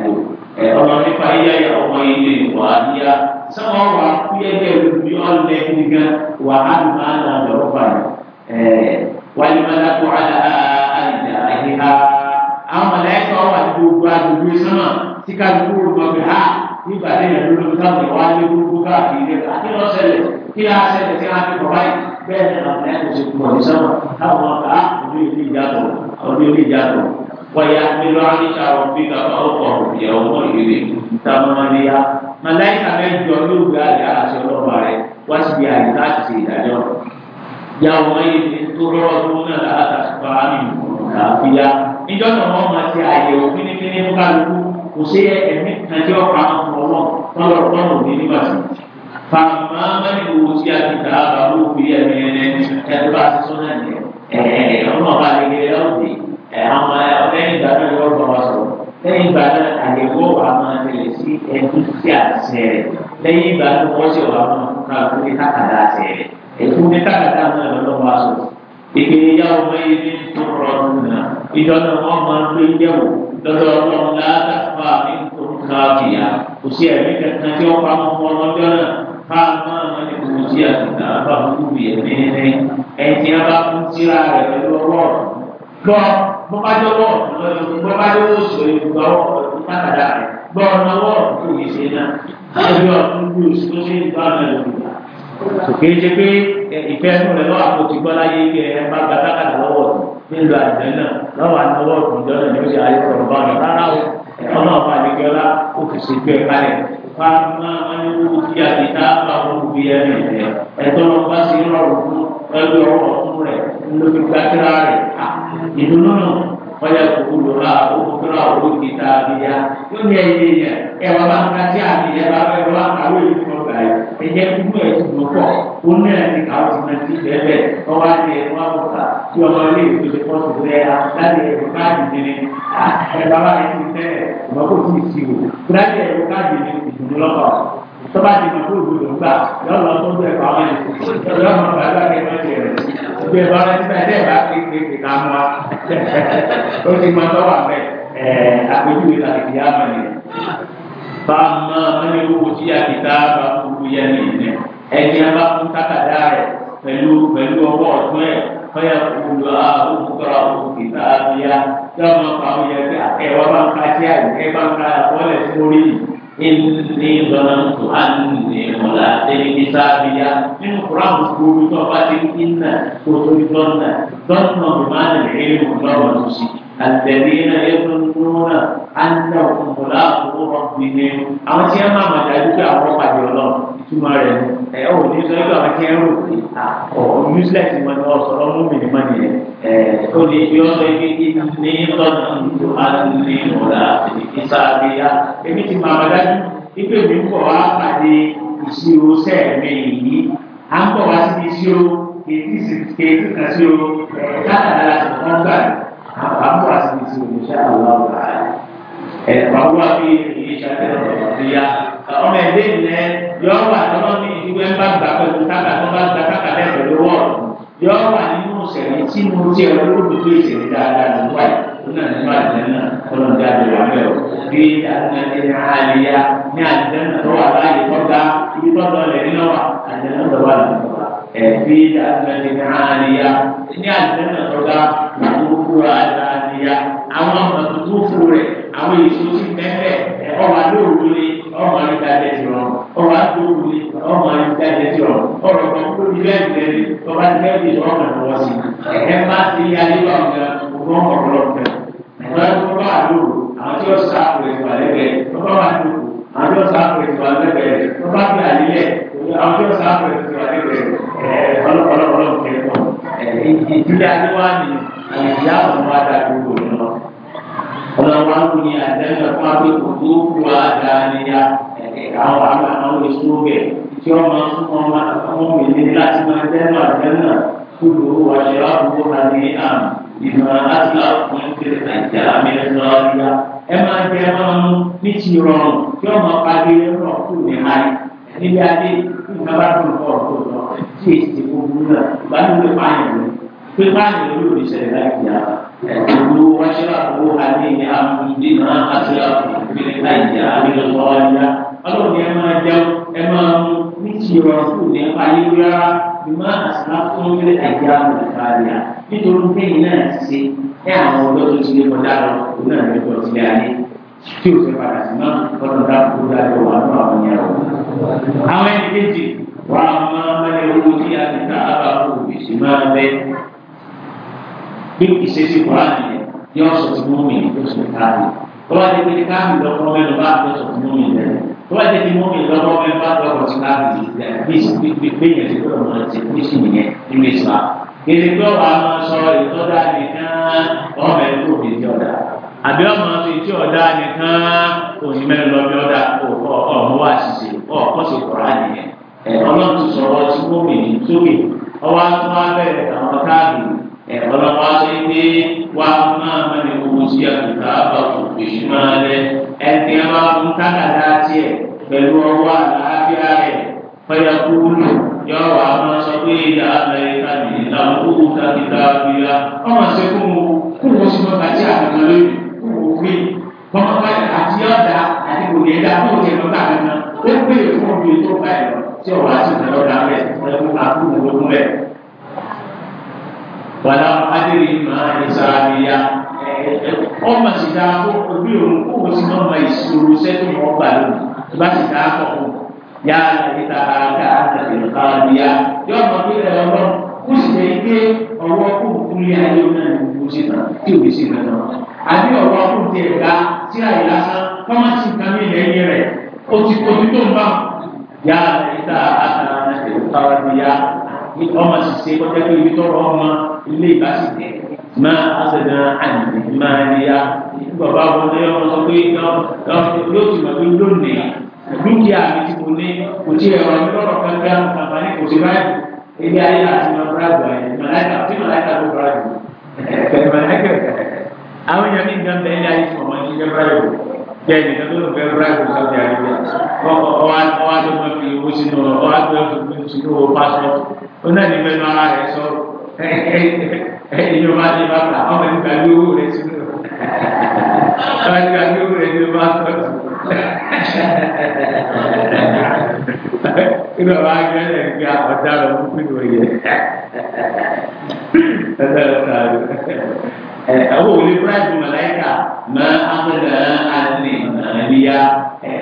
kí tí kálukú lọ bí ha nígbà tí yẹn ló lóbi káwọn ìwà ní gbogbo káàkiri rẹ àti lọ ṣẹlẹ̀ kí á ṣẹlẹ̀ kí á fi bọ̀ báyìí bẹ́ẹ̀ ni àwọn ẹ̀kọ́ ti pọ̀ ní sọ́wọ́ káwọn ọ̀gá ọdún ilé ìjàdọ̀ ọdún ilé ìjàdọ̀ wọ́yà nílò àníṣà ọ̀bí kàkà ọkọ̀ ìyàwó mọ́ ìrèlè tamamaniya màláìka mẹ́jọ ló gbé àjà àti ọlọ́wà rẹ wá síbi àyè láti ṣe ìdájọ́ yàwó mẹ́yẹ tó rọ́ọ̀ tó náà láti àṣùpá àmì ìmọ̀ àfíyá níjọ́ náà wọ́n máa ṣe àyẹ̀wò fínífíní fún kò sí ẹ̀mí kájọ́ àwọn ọ̀rọ̀ tọ́lọ̀ tọ́lọ̀ ní nígbà tí. Fàmà mẹ́rin wo tí a ti dà bá wò bí ẹ̀mí ẹ̀mí ẹ̀dọ́ bá ti sọ́nà ẹ̀ ẹ̀ ọmọ bá lè gbé lọ́ọ̀dì ẹ̀ ọmọ lẹ́yìn ìgbà náà yọ ọgbà wa sọ̀rọ̀ lẹ́yìn ìgbà náà àyẹ̀wò wa máa tẹ̀lé sí ẹ̀dú sí àṣẹ rẹ̀ lẹ́yìn ìgbà náà wọ́n ṣe wà máa ká lórí kákàdá àṣẹ rẹ̀ ẹ̀dú ní kákàdá náà lọ́dọ̀ wa náà ìjọ náà máa ń gbé yẹ̀wò lọ́dọ̀ ọlọ́run láàbà àbá mi tó ń ka bìyà kò sí ẹ̀mí kankan tí wọ́n pamọ́ fún ọlọ́jọ́ náà ká máa ma ní kòkò tí àtìgbà bá kú bìyà mẹ́rin ẹ̀ńtí a bá kú tíra rẹ̀ pẹ̀lú ọwọ́ gbọ́ bọ́bájọ́wọ́ bọ́bájọ́wọ́ sọ ìgbà wọ́ ìtàkàdá rẹ̀ gbọ́ ọ̀nàwọ́ kò yí ṣe náà ẹgbẹ́ ọ̀tún bí oṣù tó ṣe ń gbà mẹ́rin òkúta kòkè ń ṣe pé ìfẹ́ fún rẹ̀ lọ́wọ́ àpótí gbọ́lá yé kí ẹ bá náà ni ó ṣe ayé ọ̀rọ̀ bá wọn rárá o ọlọ́run bá dìgbẹ́ ọlá ó fi ṣe gbẹ kalẹ̀ bá máa ń wú kí àdìdá bá wọn wú yẹ ní ìlẹ̀ ẹ̀tọ́ wọn bá sì rọrùn fún ẹgbẹ́ ọwọ́ ọ̀tún rẹ̀ ńlọ́gbẹ́gbẹ́ ọyà kúkúrú ha òkúkúrú ha òwò kìtà àbíyá yóò ní ẹyẹ yẹ ẹ wà bá ká sí àbíyá bá bẹ wà káwé yìí fún ọgbà yìí ẹyẹ kúkú ẹ ti mọ pọ ó ní ẹni káwé ti mọ ti bẹ bẹ ọwọ àti ẹ wọn bọ ká tí ọmọ ilé ìlú ti pọ sí rẹ láti ẹ wọn nínú ẹ bàbá mi ti ọmọ kò tí ì tọ́ba ti dùkú ìgbòdò gbà yọ lọ tó gbẹ pa ọmọ yìí yọ mọ bàbá rẹ má jẹ rẹ gbẹ bá rẹ síbẹ̀ ẹ̀ bá ké ké ké ká mọ́ ó ti mọ tọ́wà mẹ́ ẹ̀ àpèjúwe la ti yá mọ́ yẹn. bàmọ́ ẹni owó tí a ti ta bá kúrú yẹn ní ìlẹ̀ ẹni a bá fún tákàdá rẹ pẹ̀lú pẹ̀lú ọwọ́ ọ̀tún ẹ̀ fẹ́yà kúlù àwọn òkúta òkè sáà bíyà yọ mọ pàmò yẹn pé ah, àtẹ̀wọ́ ilé bàtò ànínì ọ̀la tẹ̀lé sábìyà nínú kuran kúrú tó bá ti ń nà kótó dọ́nà dọ́nà bùmánì ìlú lọ́wọ́ tó sì àtẹ̀lé náà yẹ kó nínú náà á ń dà òkùnkùn láàbò rọ̀bì ní àwọn tí wọ́n máa màdájú pé àwọn pàdé ọlọ́run túmọ̀ rẹ̀ ẹ̀ ọ́ ní sọ nígbà wọn kí ẹ rò pé ọ̀ useless wọn ni wọ́n sọ lọ́mú mi ní mọ́ nìyẹn ẹ̀ ó lè fi ọ́ lọ ibi ní tọ́jú tó a ní ọ̀la ìsà àbíyá èmi ti máa dájú ipe mi ń bọ̀ wá pàdé ìṣirò sẹ́ẹ̀mì yìí à ń bọ̀ wá sí ìṣirò kèétí sí kèétí kan sí o káàdà láti wọ́n gbà à ń bọ̀ wá sí ìṣirò ìṣàlọ́ ọ̀la ẹ̀ wá wá bí ìṣàlọ́ ọ̀la ọmọ ẹgbẹ́ ìlẹ̀ yọ wà lọ́wọ́ ní ìdíwẹ́ bá gbà pẹ̀lú káàkà tó bá gbà káàkà lẹ́ pẹ̀lú wọ́ọ̀rù yọ wà nínú ìṣẹ̀lẹ̀ tí mo ti ẹ̀rọ olóògbé ìṣẹ̀lẹ̀ dáadáa ló wà lónà nínú àdìyẹ náà kọ́nà ń dáadé wà bẹ́ẹ̀ o bí àdìyẹ ní àlìyá ní àdìyẹ náà tó wà láàyè kọ́ta ibi tọ́tọ́ rẹ̀ nínú wà àdìyẹ náà tó wà lọ́wọ́ ẹ̀bí àdìyẹ ní àlìyá ní àdìyẹ náà tọ́ta àwọn ọmọ tuntun fún rẹ̀ àwọn èso ti mẹ́fẹ̀ẹ́ ẹ̀kọ́ wa lóòrùn lé ọmọ ayé dáadé ti rọ ọmọ agbóhùn ni ọmọ ayé dáadé ti rọ ọ̀rọ̀ kan kó ní bẹ́ẹ̀ bẹ́ẹ̀ ni ọba ní bẹ́ẹ̀ bẹ́ẹ̀ ọmọ ẹ wọ sí ẹ má ti ayé wà ọgá ọgbọ́n ọ̀rọ̀ ọgá ọgbà tó bá àlò àwọn tí wọn sá àpò ìgbà lẹgbẹ ọgbà wà lò àwọn tí ọlọ́wọ́n kò ní àdáyé fún akẹ́kọ̀ọ́ tó kú àdáyé àwọn àwọn ìṣòro bẹ̀ tí wọ́n máa fún ọmọ ọmọ mi ní láti máa dẹ́nu àdánù kúrò wàṣẹ àbúrò àti àm ìmọ̀ àtìlá fún ìpínlẹ̀ nàìjíríà amẹ́ríkà ọ̀rẹ́yà ẹ máa jẹ ẹ máa mú ní ti rọrùn tí wọ́n máa pàdé rọ̀ kú ní ayé níbi adé nǹkan bá dùn kọ́ ọ̀tọ̀ lọ tí èsì ti kó burú náà ìbánúwé pààyàn ló pé pààyàn ló lò ní sẹ̀rẹ̀ láì تقولوا واشربوا عليه أنفسنا أسرفوا من الأيام الخالية Ọlọ́run ni ẹ máa jẹun ẹ máa mu ní ti ìrọ̀rùn ní ayélujára rárá bí máa àṣà fún ilé àjẹ́ àwọn ìfàlẹ́ nítorí kéyìn náà ti ṣe ẹ àwọn ọjọ́ tó ti lé kọjá lọ òun náà lè jọ sílé ayé tí o fẹ́ padà sí náà ọ̀nà dáàbò dáàbò wà ní àwọn yẹn o. Àwọn ẹni kejì wà máa mẹ́lẹ̀ owó tí a ti ta bí ìṣesí kùránì yẹn yọ sọ ti mú mi tó sọ káàdì tó bá jẹ́ pé káàdì lọ́kọ́ mẹ́lọ bá tó sọ ti mú mi lẹ́nu tó bá jẹ́ pé mú mi lọ́kọ́ mẹ́lọ bá tó sọ ti káàdì lẹ́nu bí gbẹ̀yẹ̀ ti gbọ́dọ̀ mọ̀ ti kú sí nìyẹn nínú ìsìlá. kìlì tó wà á máa sọ ìtọ́jà nìkan ọmọ ẹ̀ kó fi ti ọ̀dà àbí ọmọ fi ti ọ̀dà nìkan òní mẹ́rin lọ bí ọ̀dà ọmọ wa ṣiṣe ọ̀kọ́ sì kọ̀ra nìyẹn ọlọ́run ti sọ̀rọ̀ tí mú mi ọwọ́ á tún àwọn káàdì ọlọ́wọ́ aṣọ ìgbé wa máa ma ní gbogbo sí àgùntà àbàkù èyí máa lẹ ẹni ẹ máa fún tákàdá tiẹ̀ pẹ̀lú ọwọ́ àlàáfíà rẹ̀ fẹ́yà kúrú yọ wà máa sọ pé ìyá amẹ́ríkà ní ìlànà owó kàkìtà àbíyá ọmọ ṣe fún mu kó wọ́n sì máa bàjẹ́ àgbàdo lórí kó wọ́n gbé bọ́mọ bá àti ọ̀dà àti kò ní ẹ̀dá kó tiẹ̀ lọ́gbà kankan ó gbé ìfún mi tó bá ẹ̀ tí ọ̀rọ̀ àti ìtẹ̀lọ́dà wàlá adìrì máa ní sàrànìyà ọmọ sì dáa kó ojú òun kó o sì máa ma ìṣòro sẹ́tù wọn gbà lónìí tó bá sì dáa kọ̀ fún yá àtàkìtà àgá àtàkìtà kàrànìyà yọ ọmọ tó lẹ ọlọ kó sì lè gbé ọwọ́ kó kúlé ayé ọ̀nà ìlú sí náà tí òbí sì náà àbí ọ̀rọ̀ kó tiẹ̀ ga tí àyè lásán kọ́má sì ká mi lẹ́yìn rẹ̀ o ti kó ojú tó ń bá yá àtàkìtà àtàkìtà kàrànìyà ọmọ sì ṣe kọjá pé ibi tọrọ ọmọ ilé ìbáṣepẹ̀ máa aṣèdá àyè máa ní ya bàbá wọn ní ọmọ sọ pé yóò ti máa fi lónìí dúkìá mi ti mo ní kò tí ẹ wà ní lọ́rọ̀ kankan àǹfààní kò sí báyìí ilé ayé àti màbúrà gbà ẹ màláìka tí màláìka ló bọ̀rọ̀ jù ẹ màláìka àwọn èèyàn mi nǹkan bẹ́ẹ̀ ní ayé tí màmá ti fẹ́ bọ̀rọ̀ jù bẹ́ẹ̀ nìkan tó ló fẹ́ bọ̀rọ̀ jù sábẹ́ ọwọ́ àti ọmọ fi owó sínú ọwọ́ àti ọmọ fi owó sínú owó pásọ̀ ó náà ní fẹ́ ara rẹ̀ sọ̀rọ̀ ẹ̀yọ́ máa ní bàtà ọmọ ẹni gbàgbé owó rẹ̀ sínú ọmọ ẹni gbàgbé owó rẹ̀ sínú bá tọ́ sí. Inú ọba agbẹ́lẹ̀ ń ga ọ̀dà lọ fún pínlẹ̀ òye. Ẹ̀sẹ̀ lọ sáré. Àwọn òní Bíráìdì Màláìkà máa ámúlẹ̀ àdìní àníyá.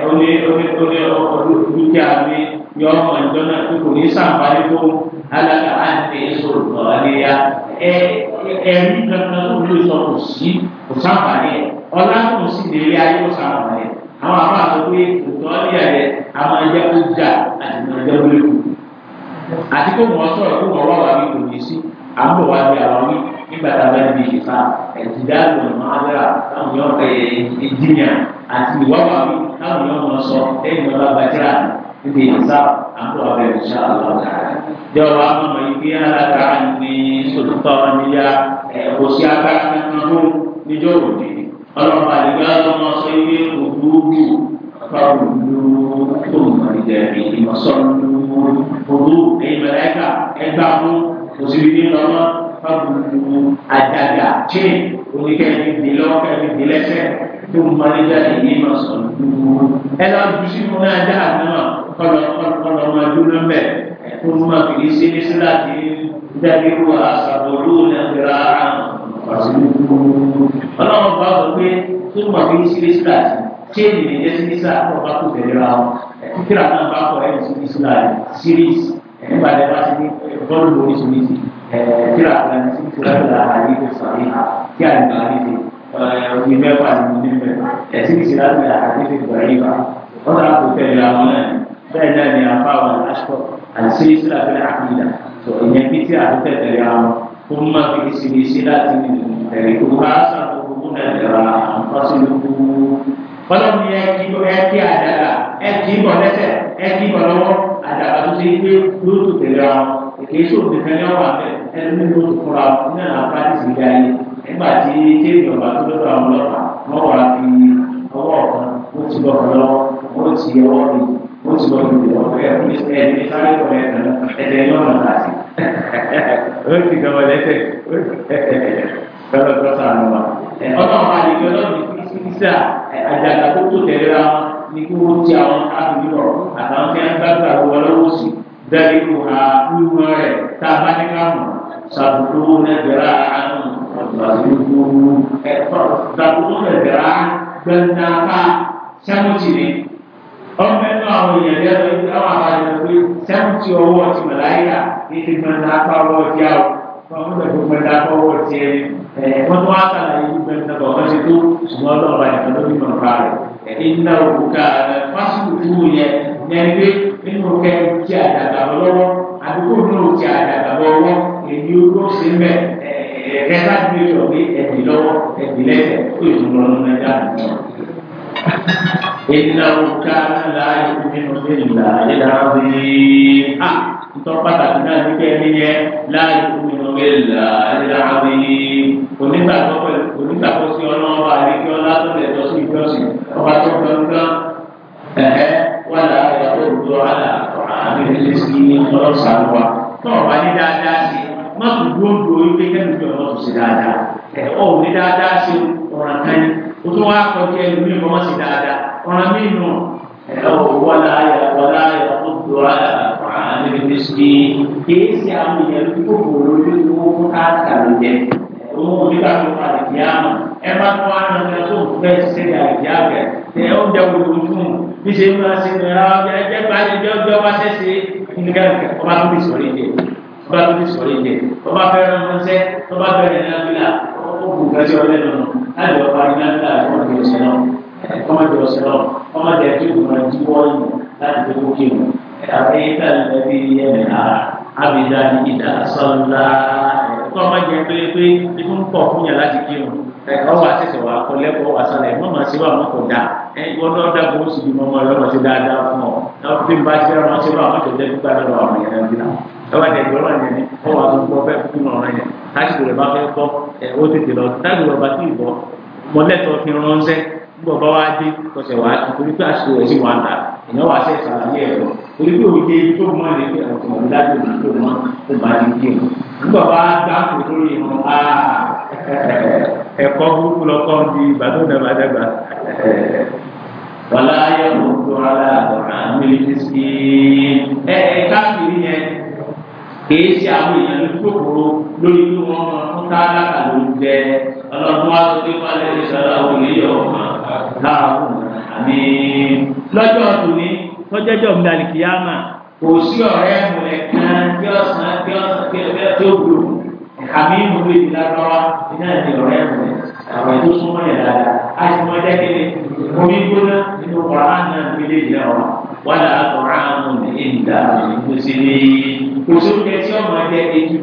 Ó ní ọdún dúkìá mi yọ ọmọ ìjọ náà tó kò ní sàǹfààní fún alaka àti sọ̀rọ̀ lọ́la níyà ẹ ẹ̀rí kankan olú sọ kò sí kò sáfàní ẹ̀ ọlá kò sí délé ayé kò sáfàní ẹ̀ àwọn àbá àtọ́gbé òtọ́ níyà rẹ̀ àwọn ẹja kó jà àti àwọn ẹja kó léwu àti kó wọ́n sọ̀rọ̀ kó wọ́n wá wà ní kò ní sí àbọ̀ wá bí àwọn wí nígbà tá a bá di ìfà ẹ̀dìdá lòun máa dára táwọn yọ̀ ẹ̀ ẹ̀dìyàn àti ìwà wà táwọn yọ̀ wọ́n sọ ẹ̀yìn ọlá bàjẹ́ àná níbi ìsá àpò abẹ ìṣá àlọ́ta. Jọ̀wọ́ àmọ̀ ìgbé alága ní sòtítọ́ níyà kò sí agbára tuntun níjọ́ òde. Ọlọ́pàá àdìgbà lọ́mọ sọ ilé ògbóògbò fáwọlú tó mọ ìdẹ̀rẹ̀ ìmọ̀sọ́nù ògbó ẹ̀yìn àdàgà tí oníkẹ́ni dìlọ́ kẹ́ni dìlẹ́sẹ̀ tó mọ́lẹ́jà ìní ma sọ̀rọ̀ dúró. ẹ lọ ju sínú náà dáa náà kọlọ kọlọ máa dúró mbẹ tó máa fi ṣe ní síláàtì dábí wà sàbòlù nàìjíríà àrùn ọlọ́run bá wọ pé tó máa fi ṣe ní síláàtì tí èyí lè jẹ́ sí ní síláàtì kọ́ bá kó tẹ̀lé ra wọn kíkìrà náà bá kọ́ ẹ̀ sí ní síláàtì síríìsì nígbà tí bá ti ní bọ́ọ̀lù oríṣiríṣi. Kira, àwọn tí kíra ìlà àyè tó sàmì hà kí àyè bá rí fi omi mẹ́fà ní omi mẹ́fà ẹ̀sìn kíra ìlà ni apa wọn aṣọ àti kíra ìlà àkìlà tó ìyẹn bí tí a tó tẹ̀lé àwọn kó sini fi ìṣiríṣi láti ẹ̀rí kó bá sàkóso kó dàgbà àǹfàṣẹ́lógún fọlọ́ọ̀mù yẹn kí eti ẹ̀ kì eti bọ̀ ada ẹ̀ kì í bọ̀ lọ́wọ́ àdàgà kìí ṣòro nìkan ní ọ̀wà bẹ́ẹ̀ ẹni mímú tó fura ní àwọn practice ìgbé ayé nígbà tí téèyàn bá tó lọ́dọ̀ àwọn ọlọ́pàá wọ́n wà fi ọwọ́ ọ̀kan ó ti lọ́kọ̀ lọ́wọ́ ó ti ọwọ́ mi ó ti lọ́kọ̀ mi ọ̀kẹ́ ẹni ní sáré kọ̀ ẹ̀ ẹ̀dẹ̀ ní ọ̀nà láti ó ti gbọ́ lẹ́sẹ̀ lọ́dọ̀ tó sàánú wa. ọlọ́run àlejò ọlọ́run sísá àjàgbá tó tó tẹ̀lé ra ní kí wọ́n ti àwọn ábìlí rọ̀ àtàwọn tí wọ́n dẹ́gbẹ̀wá wíwọ́ rẹ̀ Sabtu sàbùkú Sabtu negara ọ̀gbàdúgbò ẹ̀kọ́ sàbùkú nẹ́gbẹ̀rẹ́ gbẹ̀ndàká sẹ́mùtì ni ọmọ ẹnu àwọn èèyàn yẹn lọ sí àwọn àbájọ pé sẹ́mùtì ọwọ́ ti màláyà ètò gbẹ̀ndàká ọwọ́ ti àwọ̀ ọmọ ẹgbẹ́ gbẹ̀ndàká ọwọ́ ti ẹni wọ́n tún semua orang yìí gbẹ̀ndàká ọwọ́ ti tó Pasu ọlọ́ọ̀bá ìfọ̀lọ́bí mọ̀ nínú kẹ́rin tí àdàbà lọ́wọ́ àdúgbò náà ti àdàbà lọ́wọ́ èyí ó tó ṣe mẹ́ ẹ̀ẹ́dẹ́ láti lè sọ pé ẹ̀dì lọ́wọ́ ẹ̀dì lẹ́sẹ̀ tó ìtumọ̀ ọ̀nà ẹ̀dá nìyẹn. Ìlà òkà láàyè nínú ìlà ìlà àbíyí. À ntọ́ pàtàkì náà ní kẹ́ni yẹn láàyè nínú ìlà ìlà àbíyí. Onígbàgbọ́ pẹ̀lú onígbàgbọ́ sí ọlọ́ọ̀bà àríkí ọlá tó lẹ̀ tọ́ sí ìjọsìn ọba tó gbọ́ngàn wàlá ìyàwó àlà àbẹ̀rẹ̀ lẹ́sí ọlọ́sà wa tó ọ̀bá ní dáadáa sí má kò dúró dúró yìí pé kẹ́mi fi ọmọ tó sí dáadáa ẹ̀ ọ̀ ní dáadáa sí ọ̀ràn kan ní o tó wá kọjá ẹni mi kọ́ sí dáadáa ọ̀ràn mi nù ẹ̀ ọ̀ wàlá ìyàwó àlà àbẹ̀rẹ̀ lẹ́sí kìí ṣe àwọn èèyàn tó kò lórí owó fún káàkà ló jẹ owó nígbà tó padà kìí àmọ̀ ẹ bá tó wá lọ sí ọjọ́ òkú bẹ́ẹ̀ ṣiṣẹ́ bí ṣe máa ṣe nira ọjà ẹgbẹ́ gbàdé ẹgbẹ́ ọjọ́ wá ṣẹ́ṣe nígbà ọba tó ti sọ̀rọ̀ ìjẹ ọba tó ti sọ̀rọ̀ ìjẹ ọba fẹ́ràn ọmọọṣẹ́ ọba bẹ̀rẹ̀ nàbílà ọkùnkùn kẹsì ọlẹ́nu láti ọba ní nàbílà ọmọdé ọ̀sẹ̀ náà ọmọdé ọ̀sẹ̀ náà ọmọdé ẹ̀jú ìgbìmọ̀ ìdíwọ́ ìmọ̀ láti tó kókè mu àbẹ́yẹ́tà lẹ́bí ẹ̀mẹ̀ ara àbíjà ìdá sọ́ńdà ọmọdé pé pé ikú ń pọ̀ ọwọ́ àtẹsẹ wà kọ lẹkọọ wà sálẹ mọ màá sí wà mọ kọ dá ẹ wọn náà dàgbọ oṣù bí mọmọ ẹ wọn ti dáadáa fún ọ náà fi bá ṣe wọn ṣe wà wọn tẹjẹ nígbà náà wà wọn yẹn nígbà ẹwà tẹjọ wọn yẹn ni ọwọ́ àti gbọ fẹ fún ọ̀rọ̀ yẹn tásìkò rẹ bá fẹ kọ ẹ ó tètè lọ tábìlì ọba tí ì bọ mọlẹtọ fi ránṣẹ́ gbọ bá wá dé kọsẹ wá torí pé àṣìṣe rẹ sì wà dà ìyẹn wà sẹ ìsàlàyé ẹ lọ torí pé òye Eh, ẹ̀kọ́ burúkú lọ́kọ́ di ìbádọ́dà bàdàgbà. wàlá ayé òkú ara àgbọ̀nà mílíọ̀nù sí ẹ ẹ káàkiri yẹn kìí ṣe àwọn èèyàn ló gbòòrò lórí bí wọn máa fún tálákà ló ń jẹ ọlọ́dún wa tó dé wálé ìṣọ́ra òun yìí ọ̀ma láàrú àmì lọ́jọ́ tòní tọ́jọ́jọ́ mi dàlí kìyàmà kò sí ọ̀rẹ́ mọ̀lẹ́ kan tí ọ̀sán tí ọ̀sán tí ọ̀sán tí gbòòrò kàmí gbogbo ìdílé lọ́wọ́ iná ìdí ọ̀rẹ́ ẹ̀kọ́ àwọn ètò súnmọ́ yẹn dáadáa a sì mọ ẹjẹ́ kéde omi gbóná nínú kọ̀ọ̀rán náà gbélé ìyá wa wàlá kọ̀ọ̀rán ọ̀hún ní ìdá ìlú sí ní kòsókè tí ọmọ ẹjẹ́ ètùtù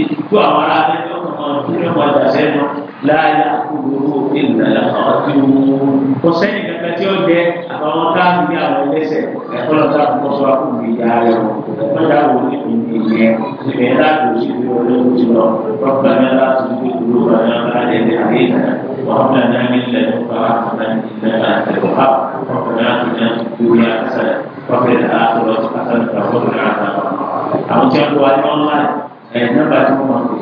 ètùtù àwọn ará ẹjọ́ kan ọ̀hún láàyè àkúrò ìlànà àwọn tí ó mú kò sẹ́yìn kankan tí ó jẹ àtàwọn káàmù ní àwọn ẹlẹ́sẹ̀ ẹ̀kọ́ lọ́ta àkókò sọ àkókò ìyá rẹ̀ ẹ̀kọ́ dáwọ̀ níbi ìyẹn ìbẹ̀ láti oṣù tí wọ́n lé oṣù lọ rọ́pà ní láti oṣù tó ló wà ní aláàlẹ́ ní àyè náà wọ́n mú náà ní ilẹ̀ nípa àkàtà ìlànà àtẹ̀wọ́pá rọ́pà náà ti náà lórí àkàtà rọ́pà náà àtọ̀rọ̀ àtàlùkà fọ́ọ̀rọ̀ tí wọ́n wá ní ọ̀nláìn ẹ̀ nọ́mbà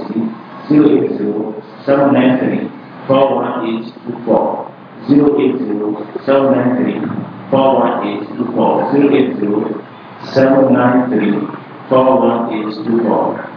tí 793 418 080 793 418 080 418